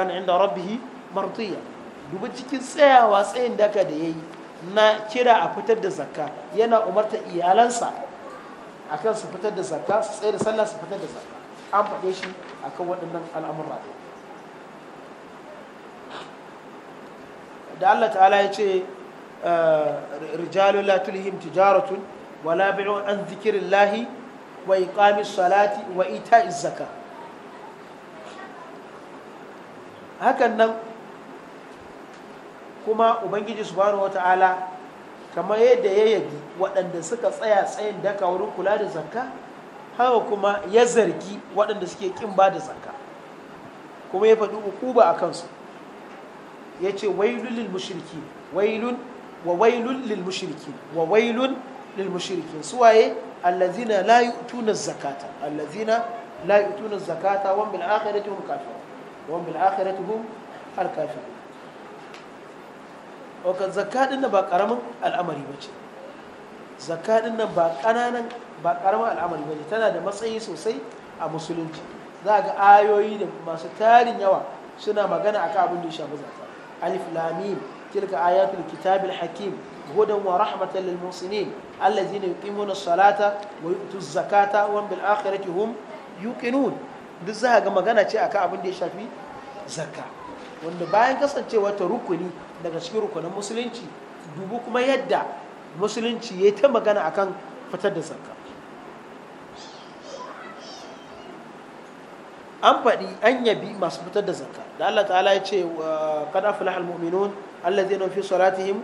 inda martiya dubi cikin tsayawa tsayin daka da yayi na kira a fitar da zakka yana umarta iyalansa kan su fitar da zakka su tsaye da sallah su fitar da zakka an faɗe shi akan waɗannan al'amura da Allah ta'ala ya ce ah, rijalun la tijaratun wala labirin an zikirin lahi wa iqamis salati wa ita izaka hakan nan kuma ubangiji subhanahu wata'ala kamar yadda ya yabi waɗanda suka tsaya tsayin daka wurin kula da zakka haka kuma ya zargi waɗanda suke ƙin ba da zakka kuma ya faɗi ukuba a kansu ya ce wailun lilmushiriki mushriki wailun wa wailun lilmushiriki mushriki wa wailun lil mushriki suwaye allazina la yu'tuna zakata allazina la yu'tuna zakata wa bil akhirati hum kafirun wa bil akhirati hum al kafirun o ka zakka din ba karamin al'amari bace zakka din ba kananan ba karamin al'amari bace tana da matsayi sosai a musulunci za ga ayoyi da masu tarin yawa suna magana akan abin da ya shafi zakka alif lamim tilka ayatul kitabil hakim hudan wa rahmatan lil Allah allazina yuqimuna as-salata wa yu'tuz zakata wa bil akhirati hum yuqinun duk za ga magana ce akan abin da ya shafi zakka wanda bayan kasancewa ta rukuni daga cikin rukunin musulunci dubu kuma yadda musulunci ya ta magana akan fitar da zakka an faɗi an yabi masu fitar da zakka da Allah ta'ala ya ce kad aflahal mu'minun allazina fi salatihim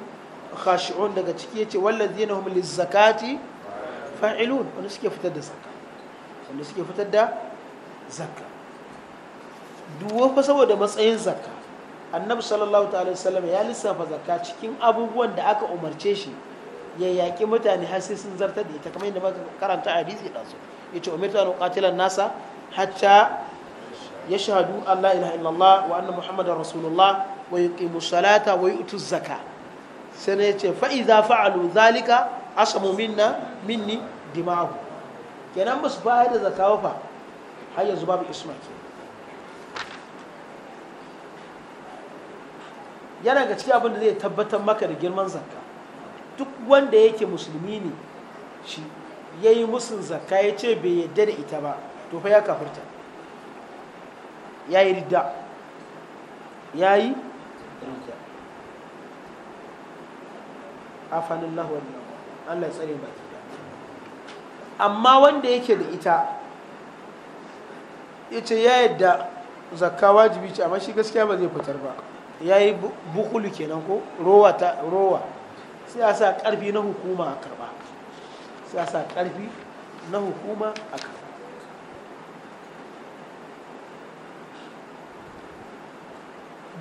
khashi'un daga ciki ya ce yace wallazina hum lizakati fa'ilun wanda suke fitar da zakka wanda suke fitar da zakka duwa fa saboda matsayin zakka annabi sallallahu ta'ala wasallam ya lissafa zakka cikin abubuwan da aka umarce shi ya yaƙi mutane har sai sun zartar da ita kamar yadda muka karanta hadisi ɗansu yace umirtu an nasa hatta yashhadu an la ilaha illallah wa anna muhammadar rasulullah wa yuqimu salata wa yu'tu zakka sai ne ce fa idza fa'alu zalika asamu minna minni dima'u kenan ba su bayar da zakka fa har yanzu babu isma yana ga cikin abin da zai tabbatar maka da girman zakka duk wanda yake musulmi ne shi ya yi musun zakka ya ce bai yadda da ita ba to fa ya kafirta ya yi ridda ya yi ridda afanin lahuwar Allah tsare baki amma wanda yake da ita ya ce ya yadda zakka wajibi ce amma shi gaskiya ba zai fitar ba ya yi bukulu kenan ko rowa ta rowa sai a sa karfi na hukuma a karba sai a sa karfi na hukuma a karba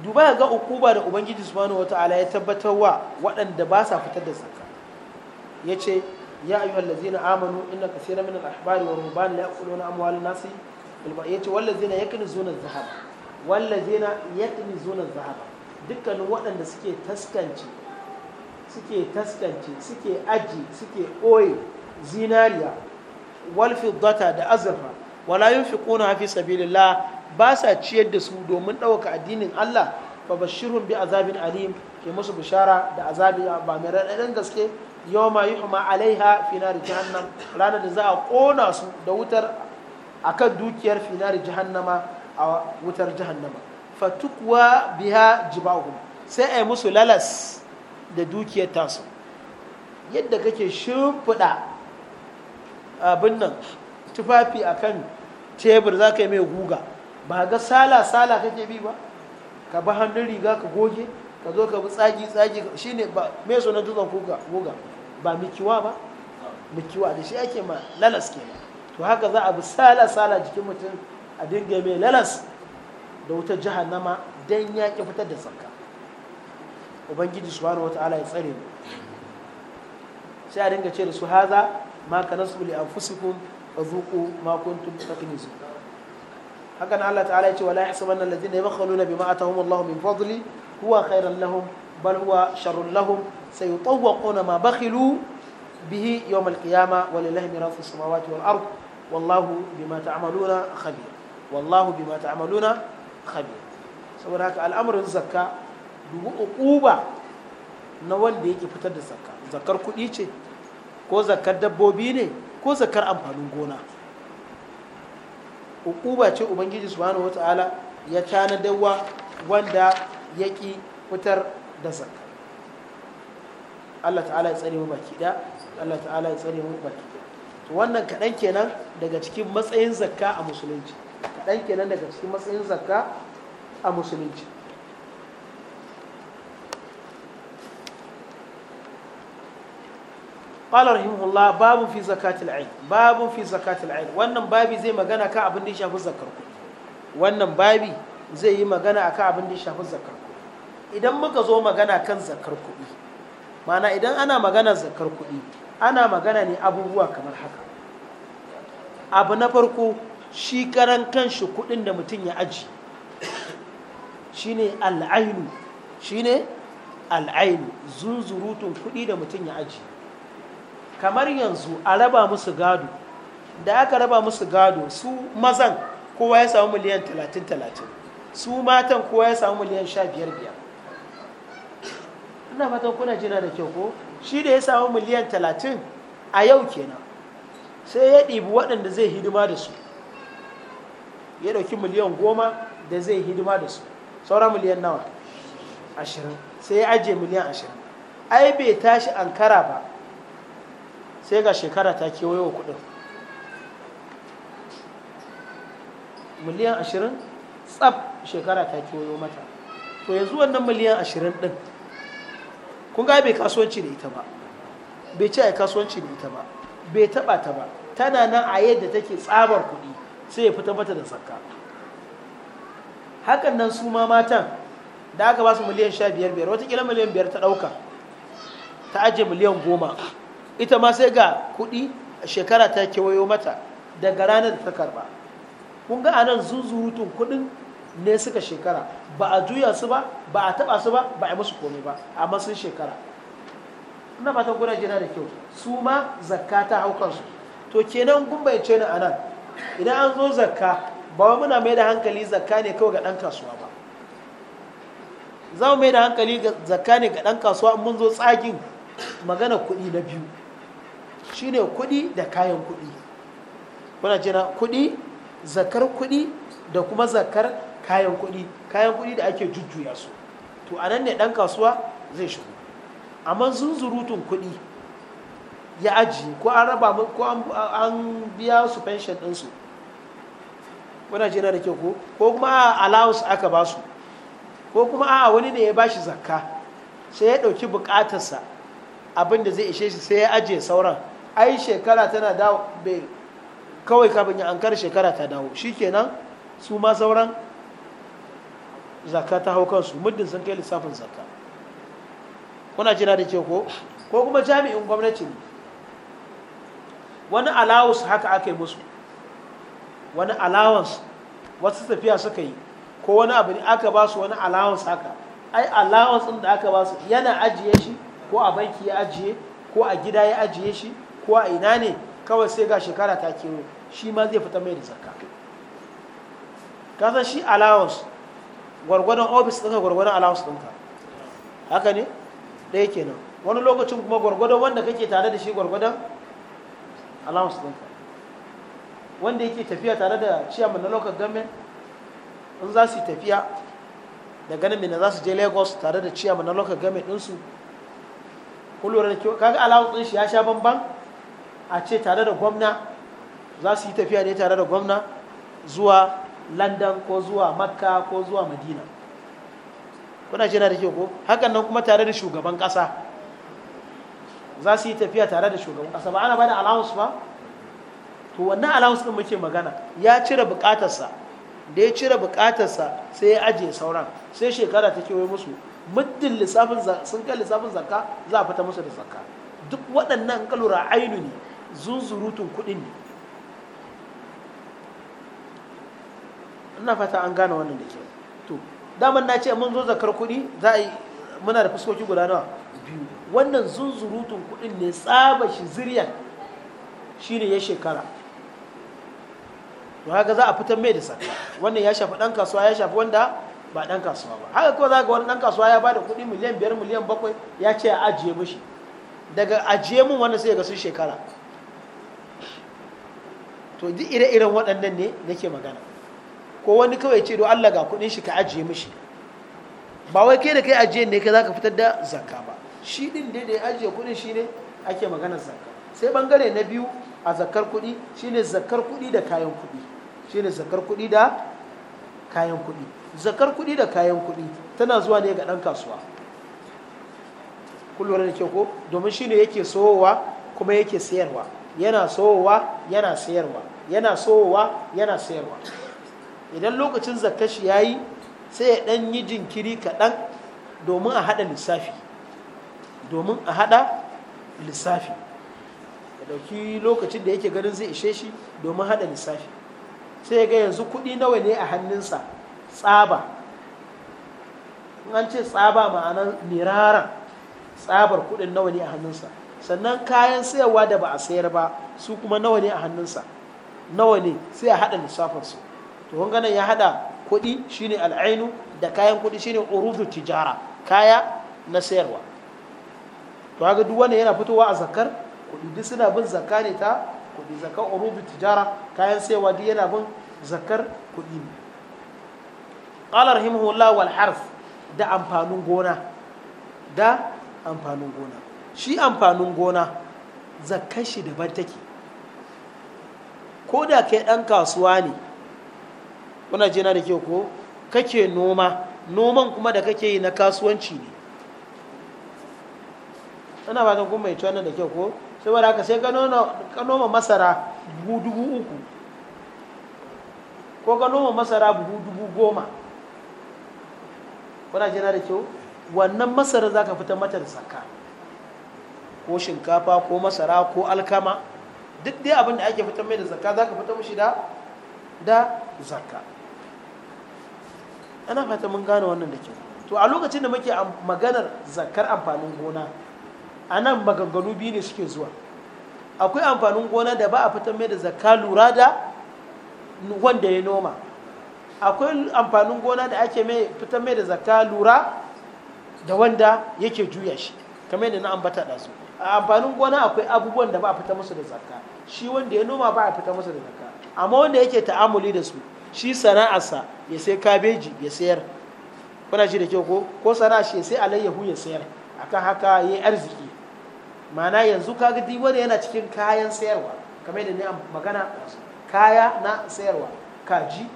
duba ga ukuba da ubangiji subhanahu wata'ala ya tabbatar wa waɗanda ba sa fitar da saka yace ya ayu allazina amanu inna kaseera min al-ahbari wa ruban la yaquluna amwal an-nasi yace wal yaknizuna az-zahab wallazina yaknizuna dukkanin waɗanda suke taskance suke taskance suke aji suke ɓoye zinariya wal fiddata da azurfa wala yunfiquna fi sabilillah ba sa ciyar da su domin ɗauka addinin Allah ba shirin bi azabin alim ke musu bishara da azabi ba mai raɗaɗin gaske yau ma yi kuma alaiha finari jihannan ranar da za a ƙona su da wutar a kan dukiyar finari jahannama a wutar jahannama fatukwa biya jibahu sai a yi musu lalas da dukiyar tasu yadda kake shimfiɗa abin nan tufafi a kan tebur za ka yi mai guga ba ga sala sala kake bi ba ka bi hannun riga ka goge ka zo ka bi tsagi tsagi ne ba mai suna goga ba mikiwa ba mikiwa da shi ake ma lalas ke to haka za a bi sala sala jikin mutum a dinga mai lalas da wutar jahannama don ya ƙi fitar da zakka ubangiji wata wataala ya tsare mu sai a dinga ce da su haza ma kanasu li anfusikum wa zuqu tafi ne su. haka na Allah ta'ala ya ce wala yahsabanna alladhina yabkhaluna bima atahumullahu min fadli huwa khairan lahum bal huwa sharrun lahum sayutawwaquna ma bakhilu bihi yawm al-qiyamah walillahi mirasu samawati wal ard wallahu bima ta'maluna khabi, wallahu bima ta'maluna khabi. saboda haka al'amarin zakka dubu ba na wanda yake fitar da zakka zakkar kuɗi ce ko zakkar dabbobi ne ko zakkar amfanin gona hukuba ce ubangiji subhanahu ta'ala ya tanadawa wanda ya ƙi fitar da zakka Allah ta'ala ya tsare mu baki da Allah ta'ala ya tsare mu baki da to wannan kaɗan kenan daga cikin matsayin zakka a musulunci kaɗan kenan daga cikin matsayin zakka a musulunci qala rahimahullah babu fi zakatil ain babu fi zakatil ain wannan babi zai magana ka abin da ya shafi zakar kuɗi wannan babi zai yi magana akan abin da ya shafi zakar kuɗi idan muka zo magana kan zakar kuɗi ma'ana idan ana magana zakar kuɗi ana magana ne abubuwa kamar haka abu na farko shi karan kanshi kuɗin da mutum ya aji shine al'ainu shine al'ainu zunzurutun kuɗi da mutum ya aji kamar yanzu a raba musu gado da aka raba musu gado su mazan kowa ya samu miliyan 30-30 su matan kowa ya samu miliyan 15 15 ina fatan kuna jina da kyau ko shi da ya samu miliyan 30 a yau kenan sai ya ɗibi waɗanda zai hidima da su ya ɗauki miliyan 10 da zai hidima da su sauran miliyan nawa 20 sai ya ajiye miliyan 20 ai bai tashi ankara ba sai ga shekara ta kewayo kuɗin miliyan ashirin tsab shekara ta kewayo mata to yanzu wannan miliyan ashirin ɗin kun ga bai kasuwanci da ita ba bai ce a kasuwanci da ita ba bai taɓa ta ba tana nan a yadda take tsabar kuɗi sai ya fita mata da tsakka hakan nan su ma matan da aka ba su miliyan sha biyar biyar watakila miliyan biyar ta ɗauka ta ajiye miliyan goma ita ma sai ga kuɗi shekara ta kewayo mata daga ranar da ta karba kun ga anan zuzurutun kudin ne suka shekara ba a juya su ba ba a taba su ba ba a musu komai ba amma sun shekara ina fatan gura jina da kyau su ma zakka ta hau kansu to kenan kun bai ce ni anan idan an zo zakka ba wa muna mai da hankali zakka ne kawai ga dan kasuwa ba za mu mai da hankali zakka ne ga dan kasuwa in mun zo tsagin magana kuɗi na biyu shine kuɗi da kayan kuɗi kuna jina kuɗi zakar kuɗi da kuma zakar kayan kuɗi kayan kuɗi da ake jujjuya su to a ne ɗan kasuwa zai shigo amma zunzurutun kuɗi ya aji ko an raba ko an biya su pension ɗinsu kuna jina da ke ko ko kuma allowance aka ba su ko kuma a wani ne ya ba shi zakka sai ya ɗauki bukatarsa abin da zai ishe shi sai ya ajiye sauran ai shekara tana dawo bai kawai kafin ya ankar shekara ta dawo shikenan su ma sauran zakka ta hau kansu muddin sun kai lissafin zakka kuna jira da ke ko ko kuma jami'in gwamnati ne wani allowance haka aka yi musu wani allowance wasu tafiya suka yi ko wani abu ne aka ba su wani allowance haka ai allowance ɗin da aka ba su yana ajiye shi ko a banki ya ajiye ko a gida ya ajiye shi kowa a ina ne kawai sai ga shekara ta kewo shi ma zai fita mai da zakka kasan shi allowance gwargwadon ofis ɗinka gwargwadon allowance ɗinka haka ne ɗaya kenan wani lokacin kuma gwargwadon wanda kake tare da shi gwargwadon allowance ɗinka wanda yake tafiya tare da chairman na local government in za su yi tafiya ganin mai na za su je lagos tare da chairman na local government ɗinsu kullum da kyau kaga allowance ɗin shi ya sha bambam a ce tare da gwamna za su yi tafiya ne tare da gwamna zuwa london ko zuwa makka ko zuwa madina kuna na da ke ko hakan nan kuma tare da shugaban kasa za su yi tafiya tare da shugaban kasa ba ana ba da allowance ba to wannan allowance din muke magana ya cire bukatarsa da ya cire bukatarsa sai ya ajiye sauran sai shekara ta kewaye musu muddin lissafin sun kai lissafin zakka za a fita musu da zakka duk waɗannan kalura ainu ne zunzurutun kuɗin ne ina fata an gane wannan da kyau to daman na ce mun zo zakar kudi za a yi muna da fuskoki guda nawa biyu wannan zunzurutun kuɗin ne tsaba shi ziryan shine ya shekara to haka za a fitar mai da saka wannan ya shafi ɗan kasuwa ya shafi wanda ba ɗan kasuwa ba haka kuma za ga wani ɗan kasuwa ya bada kuɗi miliyan biyar miliyan bakwai ya ce a ajiye mishi daga ajiye mun wannan sai ga sun shekara to duk ire-iren waɗannan ne nake magana ko wani kawai ce do Allah ga kuɗin shi ka ajiye mishi ba wai kai da kai ajiye ne ka za ka fitar da zakka ba shi ɗin da ya ajiye kuɗin shi ne ake magana zakka sai bangare na biyu a zakkar kuɗi shine zakkar kuɗi da kayan kuɗi ne zakkar kuɗi da kayan kuɗi zakar kuɗi da kayan kuɗi tana zuwa ne ga ɗan kasuwa kullum da ke ko domin shi ne yake sowowa kuma yake sayarwa yana sowowa yana sayarwa yana sowa yana sayarwa idan lokacin zakashi ya yi sai ya dan yi jinkiri kaɗan domin a haɗa lissafi domin a haɗa lissafi ya ɗauki lokacin da yake ganin zai ishe shi domin haɗa lissafi sai ya ga yanzu kuɗi nawa ne a hannunsa tsaba an ce tsaba ma'anar nirara tsabar kuɗin nawa ne a hannunsa sannan kayan sayarwa da ba a sayar ba su kuma nawa ne a hannunsa nawa ne sai a haɗa lissafarsu to kun ganin ya haɗa kuɗi shine al'ainu da kayan kuɗi shine urudu tijara kaya na sayarwa to haka duk wanda yana fitowa a zakar kuɗi duk suna bin zakka ne ta kuɗi zakar urudu tijara kayan sayarwa duk yana bin zakar kuɗi ne qala rahimahullah wal harf da amfanin gona da amfanin gona shi amfanin gona zakkar shi daban take ko da kai ɗan kasuwa ne kuna jina da ke ko kake noma noman kuma da kake yi na kasuwanci ne ana fatan kuma mai wannan da ke ko saboda haka sai ka noma masara dubu uku ko ka noma masara buhu dubu goma kuna jina da kyau wannan masara za ka fita matar saka ko shinkafa ko masara ko alkama duk dai abin da ake fitar mai da zaka za ka fitar mashi da zaka ana fata mun gane wannan da kyau to a lokacin da muke maganar zakar amfanin gona a nan maganganu biyu ne suke zuwa akwai amfanin gona da ba a fitar mai da zaka lura da wanda ya noma akwai amfanin gona da ake fitar mai da zaka lura da wanda yake juya shi kamar yadda na ambata da su a amfanin gona akwai abubuwan da ba a fita musu da zakka shi wanda ya noma ba a fita masa da zakka amma wanda yake ta'amuli da su shi sana'arsa ya sai kabeji ya sayar kuna shi da kyau ko ko sana'a shi sai alayyahu ya sayar akan haka yayi arziki mana yanzu kaga dibo ne yana cikin kayan sayarwa kamar yadda ne magana kaya na sayarwa kaji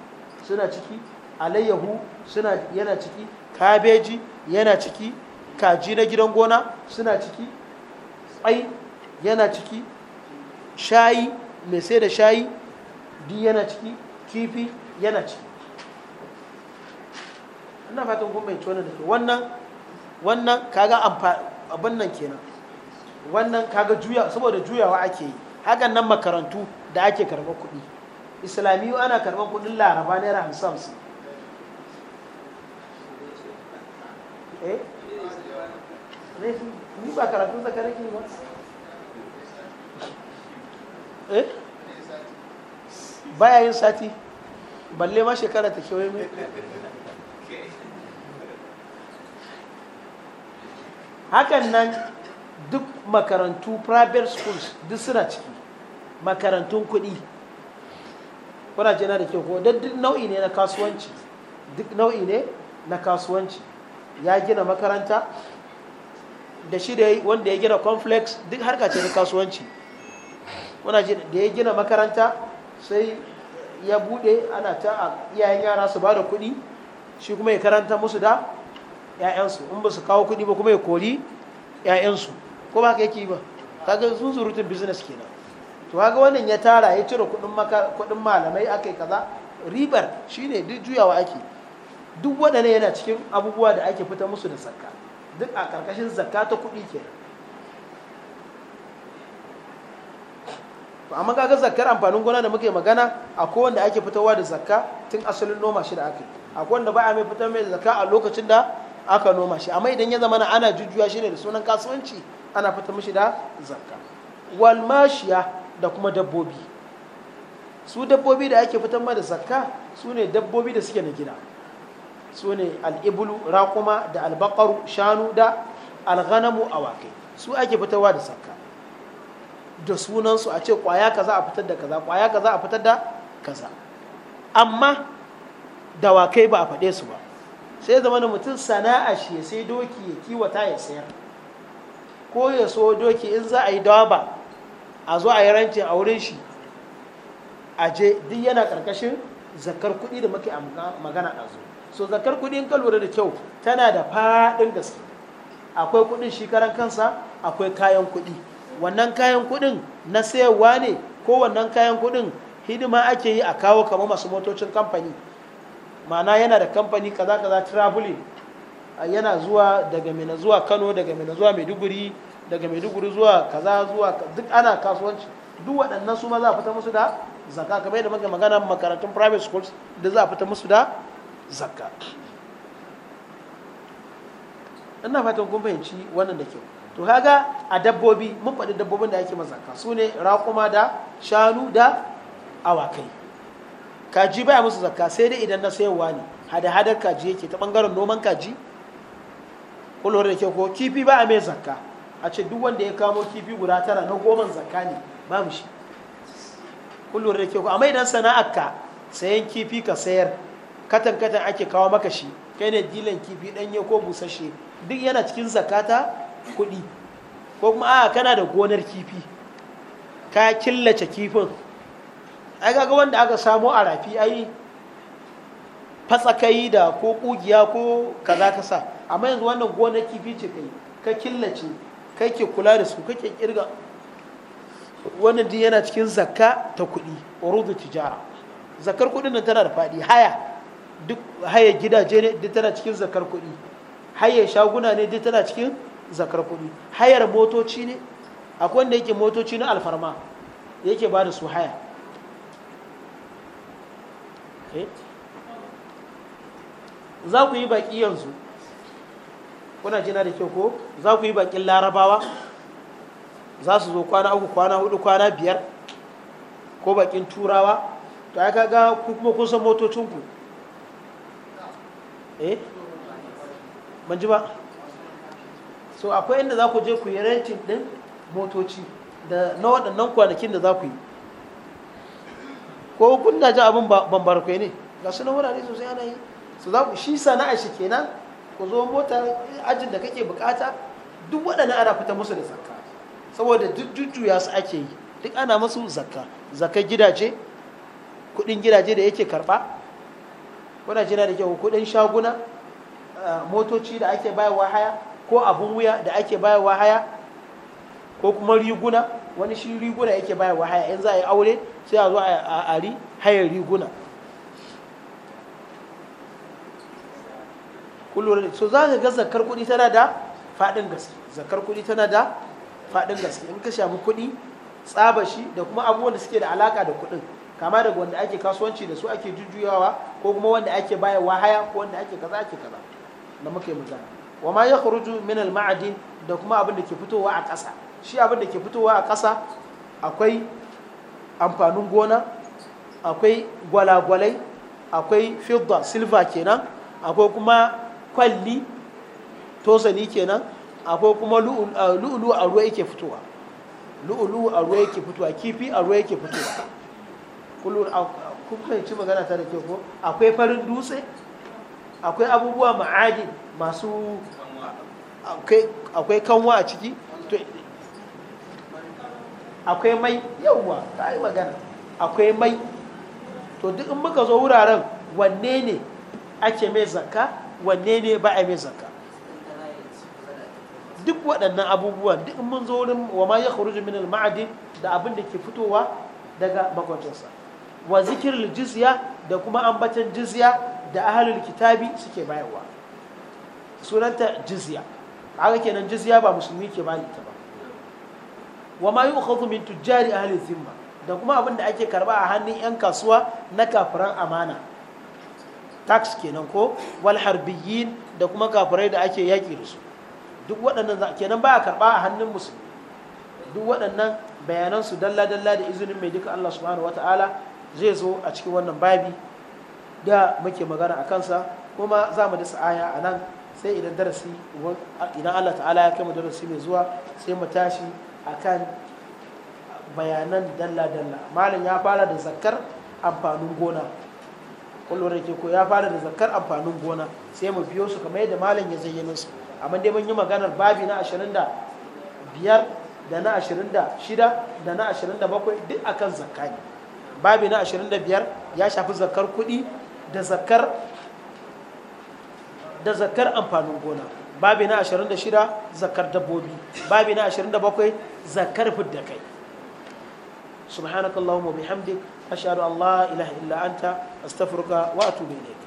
suna ciki alayyahu suna yana ciki kabeji yana ciki kaji na gidan gona suna ciki tsai yana ciki shayi mai sai da shayi di yana ciki kifi yana ciki ina fatan kuma bayanci wannan da ke wannan wannan kaga abin nan kenan wannan kaga juya saboda juyawa ake yi hakan nan makarantu da ake karɓar kuɗi islamiyu ana karɓar kuɗin laraba naira hamsin hamsin eh ni ba karatu zakarake ba eh baya yin sati balle ma shekara ta kewaye mai hakan nan duk makarantu private schools duk suna ciki makarantun kuɗi kuna jina da kyau ko duk nau'i ne na kasuwanci duk nau'i ne na kasuwanci ya gina makaranta da shi da wanda ya gina complex duk harka ce na kasuwanci kuna ji da ya gina makaranta sai ya bude ana ta a iyayen yara su ba da kuɗi shi kuma ya karanta musu da 'ya'yansu in ba su kawo kudi ba kuma ya kori 'ya'yansu ko ba ka yake ba kaga sun surutun business kenan to haka wannan ya tara ya cire kudin malamai aka yi kaza ribar shine duk juyawa ake duk waɗannan yana cikin abubuwa da ake fita musu da zakka duk a ƙarƙashin zakka ta kuɗi kenan to amma kaga zakkar amfanin gona da muke magana a wanda ake fitowa da zakka tun asalin noma shi da aka akwai wanda ba a mai fitar mai zakka a lokacin da aka noma shi amma idan ya zama ana jujjuya shi ne da sunan kasuwanci ana fitar mishi da zakka wal da kuma dabbobi su dabbobi da ake fitar ma da zakka su ne dabbobi da suke na gida su ne al'ibulu raƙuma da albakaru shanu da alghanamu awakai su ake fitarwa da zakka da sunansu a ce kwaya kaza a fitar da kaza kwaya kaza a fitar da kaza amma dawakai ba a faɗe su ba sai zama da mutum sana'a shi ya sai doki ya kiwata ya sayar ko ya so doki in za a yi dawaba a zo a yi rancin a wurin shi a je duk yana ƙarƙashin zakar kuɗi da muke magana a zo so zakar kuɗi in ka lura da kyau tana da faɗin gaske akwai kuɗin shi kansa akwai kayan kuɗi wannan kayan kuɗin na sayarwa ne ko wannan kayan kuɗin hidima ake yi a kawo kamar masu motocin kamfani ma'ana yana da kamfani kaza kaza traveling yana zuwa daga mina zuwa kano daga mina zuwa maiduguri daga maiduguri zuwa kaza zuwa duk ana kasuwanci duk waɗannan su ma za a fita musu da zakka kamar yadda muke magana makarantun private schools da za a fita musu da zakka ina fatan kun fahimci wannan da kyau to kaga a dabbobi mun faɗi dabbobin da ake mazaka su ne raƙuma da shanu da awakai kaji baya musu zakka sai dai idan na sayarwa ne hada-hadar kaji yake ta ɓangaren noman kaji kullum da ke ko kifi ba a mai zakka a ce duk wanda ya kamo kifi guda tara na goma zakka ne ba mu shi kullum da ke ko amma idan sana'ar ka sayan kifi ka sayar katan katan ake kawo maka shi kai ne dilan kifi danye ko busasshe duk yana cikin zakata kuɗi ko kuma a kana da gonar kifi ka killace kifin ai kaga wanda aka samo a rafi ai fatsakai da ko kugiya ko kaza ka sa amma yanzu wannan gonar kifi ce kai ka killace kai ke kula da su kake kirga wannan din yana cikin zakka ta kuɗi urudu tijara zakar kuɗin nan tana da faɗi haya duk haya gidaje ne duk tana cikin zakar kuɗi haya shaguna ne duk tana cikin zakar kuɗi hayar motoci ne akwai wanda yake motoci na alfarma yake ba da su haya eh? za ku yi baƙi yanzu kuna jina da kyau ko za ku yi baƙin larabawa za su zo kwana uku kwana hudu kwana biyar ko baƙin turawa to ya kaga ku kuma kun san motocinku eh ban ji ba so akwai inda za ku je ku yi rentin ɗin motoci da na waɗannan kwanakin da za ku yi ko kun da ji abin bambarkwai ne ga na wurare sosai ana yi su za ku shi sana'a shi kenan ku zo mota ajin da kake bukata duk waɗannan ana fita musu da zakka saboda duk jujjuya su ake yi duk ana musu zakka zakka gidaje kuɗin gidaje da yake karɓa kuna jina da kyau kuɗin shaguna ah, motoci da ake bayarwa haya ko abun wuya da ake bayarwa haya ko kuma riguna wani shi riguna yake bayarwa haya in za a yi aure sai a zo a ari hayar riguna kullum so za ka ga zakar kudi tana da faɗin gaske zakar kudi tana da faɗin gaske in ka shafi kudi tsaba shi da kuma abubuwan da suke da alaka da kuɗin kama daga wanda ake kasuwanci da su ake jujjuyawa ko kuma wanda ake bayarwa haya ko wanda ake kaza ake kaza da muke magana wa ma kuruju min al ma'adin da kuma abin da ke fitowa a ƙasa shi abin da ke fitowa a ƙasa akwai amfanin gona akwai gwalagwalai akwai fidda silva kenan akwai kuma kwalli tosani kenan akwai kuma eh, lu'ulu a ruwa yake fitowa lu'ulu a ruwa yake fitowa kifi a ruwa yake fitowa kun fahimci magana ta da ke ko akwai farin dutse akwai abubuwa ma'adin masu akwai kanwa a ciki akwai mai yauwa ta yi magana akwai mai to duk in muka zo wuraren wanne ne ake mai zakka wanne ne ba a mai zakka duk waɗannan abubuwan duk mun zo wurin wa ma ya kharuju min al da abin da ke fitowa daga makwancinsa wa zikirin jizya da kuma ambatan jizya da ahlul kitabi suke bayarwa sunanta jizya kaga kenan jizya ba musulmi ke ba ta ba wa ma yu'khadhu min tujjari ahli zimma da kuma abin da ake karba a hannun yan kasuwa na kafiran amana tax kenan ko wal harbiyyin da kuma kafirai da ake yaki da su duk waɗannan kenan ba a karba a hannun musulmi duk waɗannan bayanan su dalla dalla da izinin mai duka Allah subhanahu wataala zai zo a cikin wannan babi da muke magana a kansa kuma za mu dasa aya a nan sai idan darasi idan Allah ta'ala ya kama darasi mai zuwa sai mu tashi akan bayanan dalla-dalla malam ya fara da zakar amfanin gona kullum da ke ko ya fara da zakar amfanin gona sai mu biyo su kamar yadda malam ya zayyana su amma dai mun yi maganar babi na 25 da na 26 da na 27 duk akan zakka ne babi na 25 ya shafi zakar kuɗi da zakar da zakar amfanin gona babi na 26 zakar dabbobi babi na 27 zakar fidda kai subhanakallahumma bihamdik ashhadu an la ilaha illa anta astaghfiruka wa atubu ilayk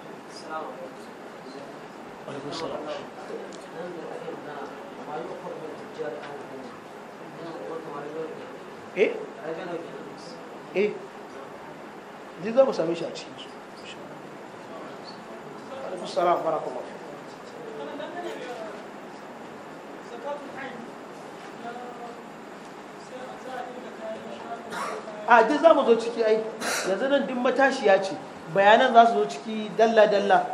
a duk za mu zo ciki ai yanzu nan duk ya ce bayanan za su zo ciki dalla dalla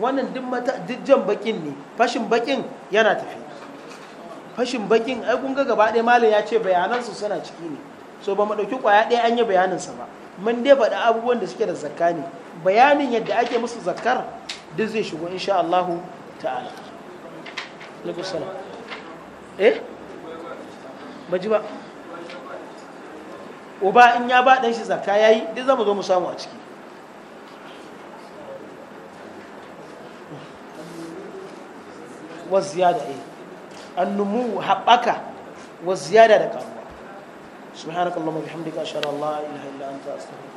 wannan duk mata duk jan bakin ne fashin bakin yana tafi fashin bakin ai kun ga gaba ɗaya malam ya ce bayanan su suna ciki ne so ba mu ɗauki kwaya ɗaya an yi bayanin sa ba mun dai faɗi abubuwan da suke da zakka ne bayanin yadda ake musu zakkar duk zai shigo insha Allahu ta'ala alaikum salam eh ba ji ba uba in ya ba ɗan shi zakka ya yi duk zama zo mu samu a ciki Wasu waziyada eh annumu haɓaka wasu waziyada da ƙaruwa subhanakallahumma bihamdika ashhadu an la ilaha illa anta astaghfiruka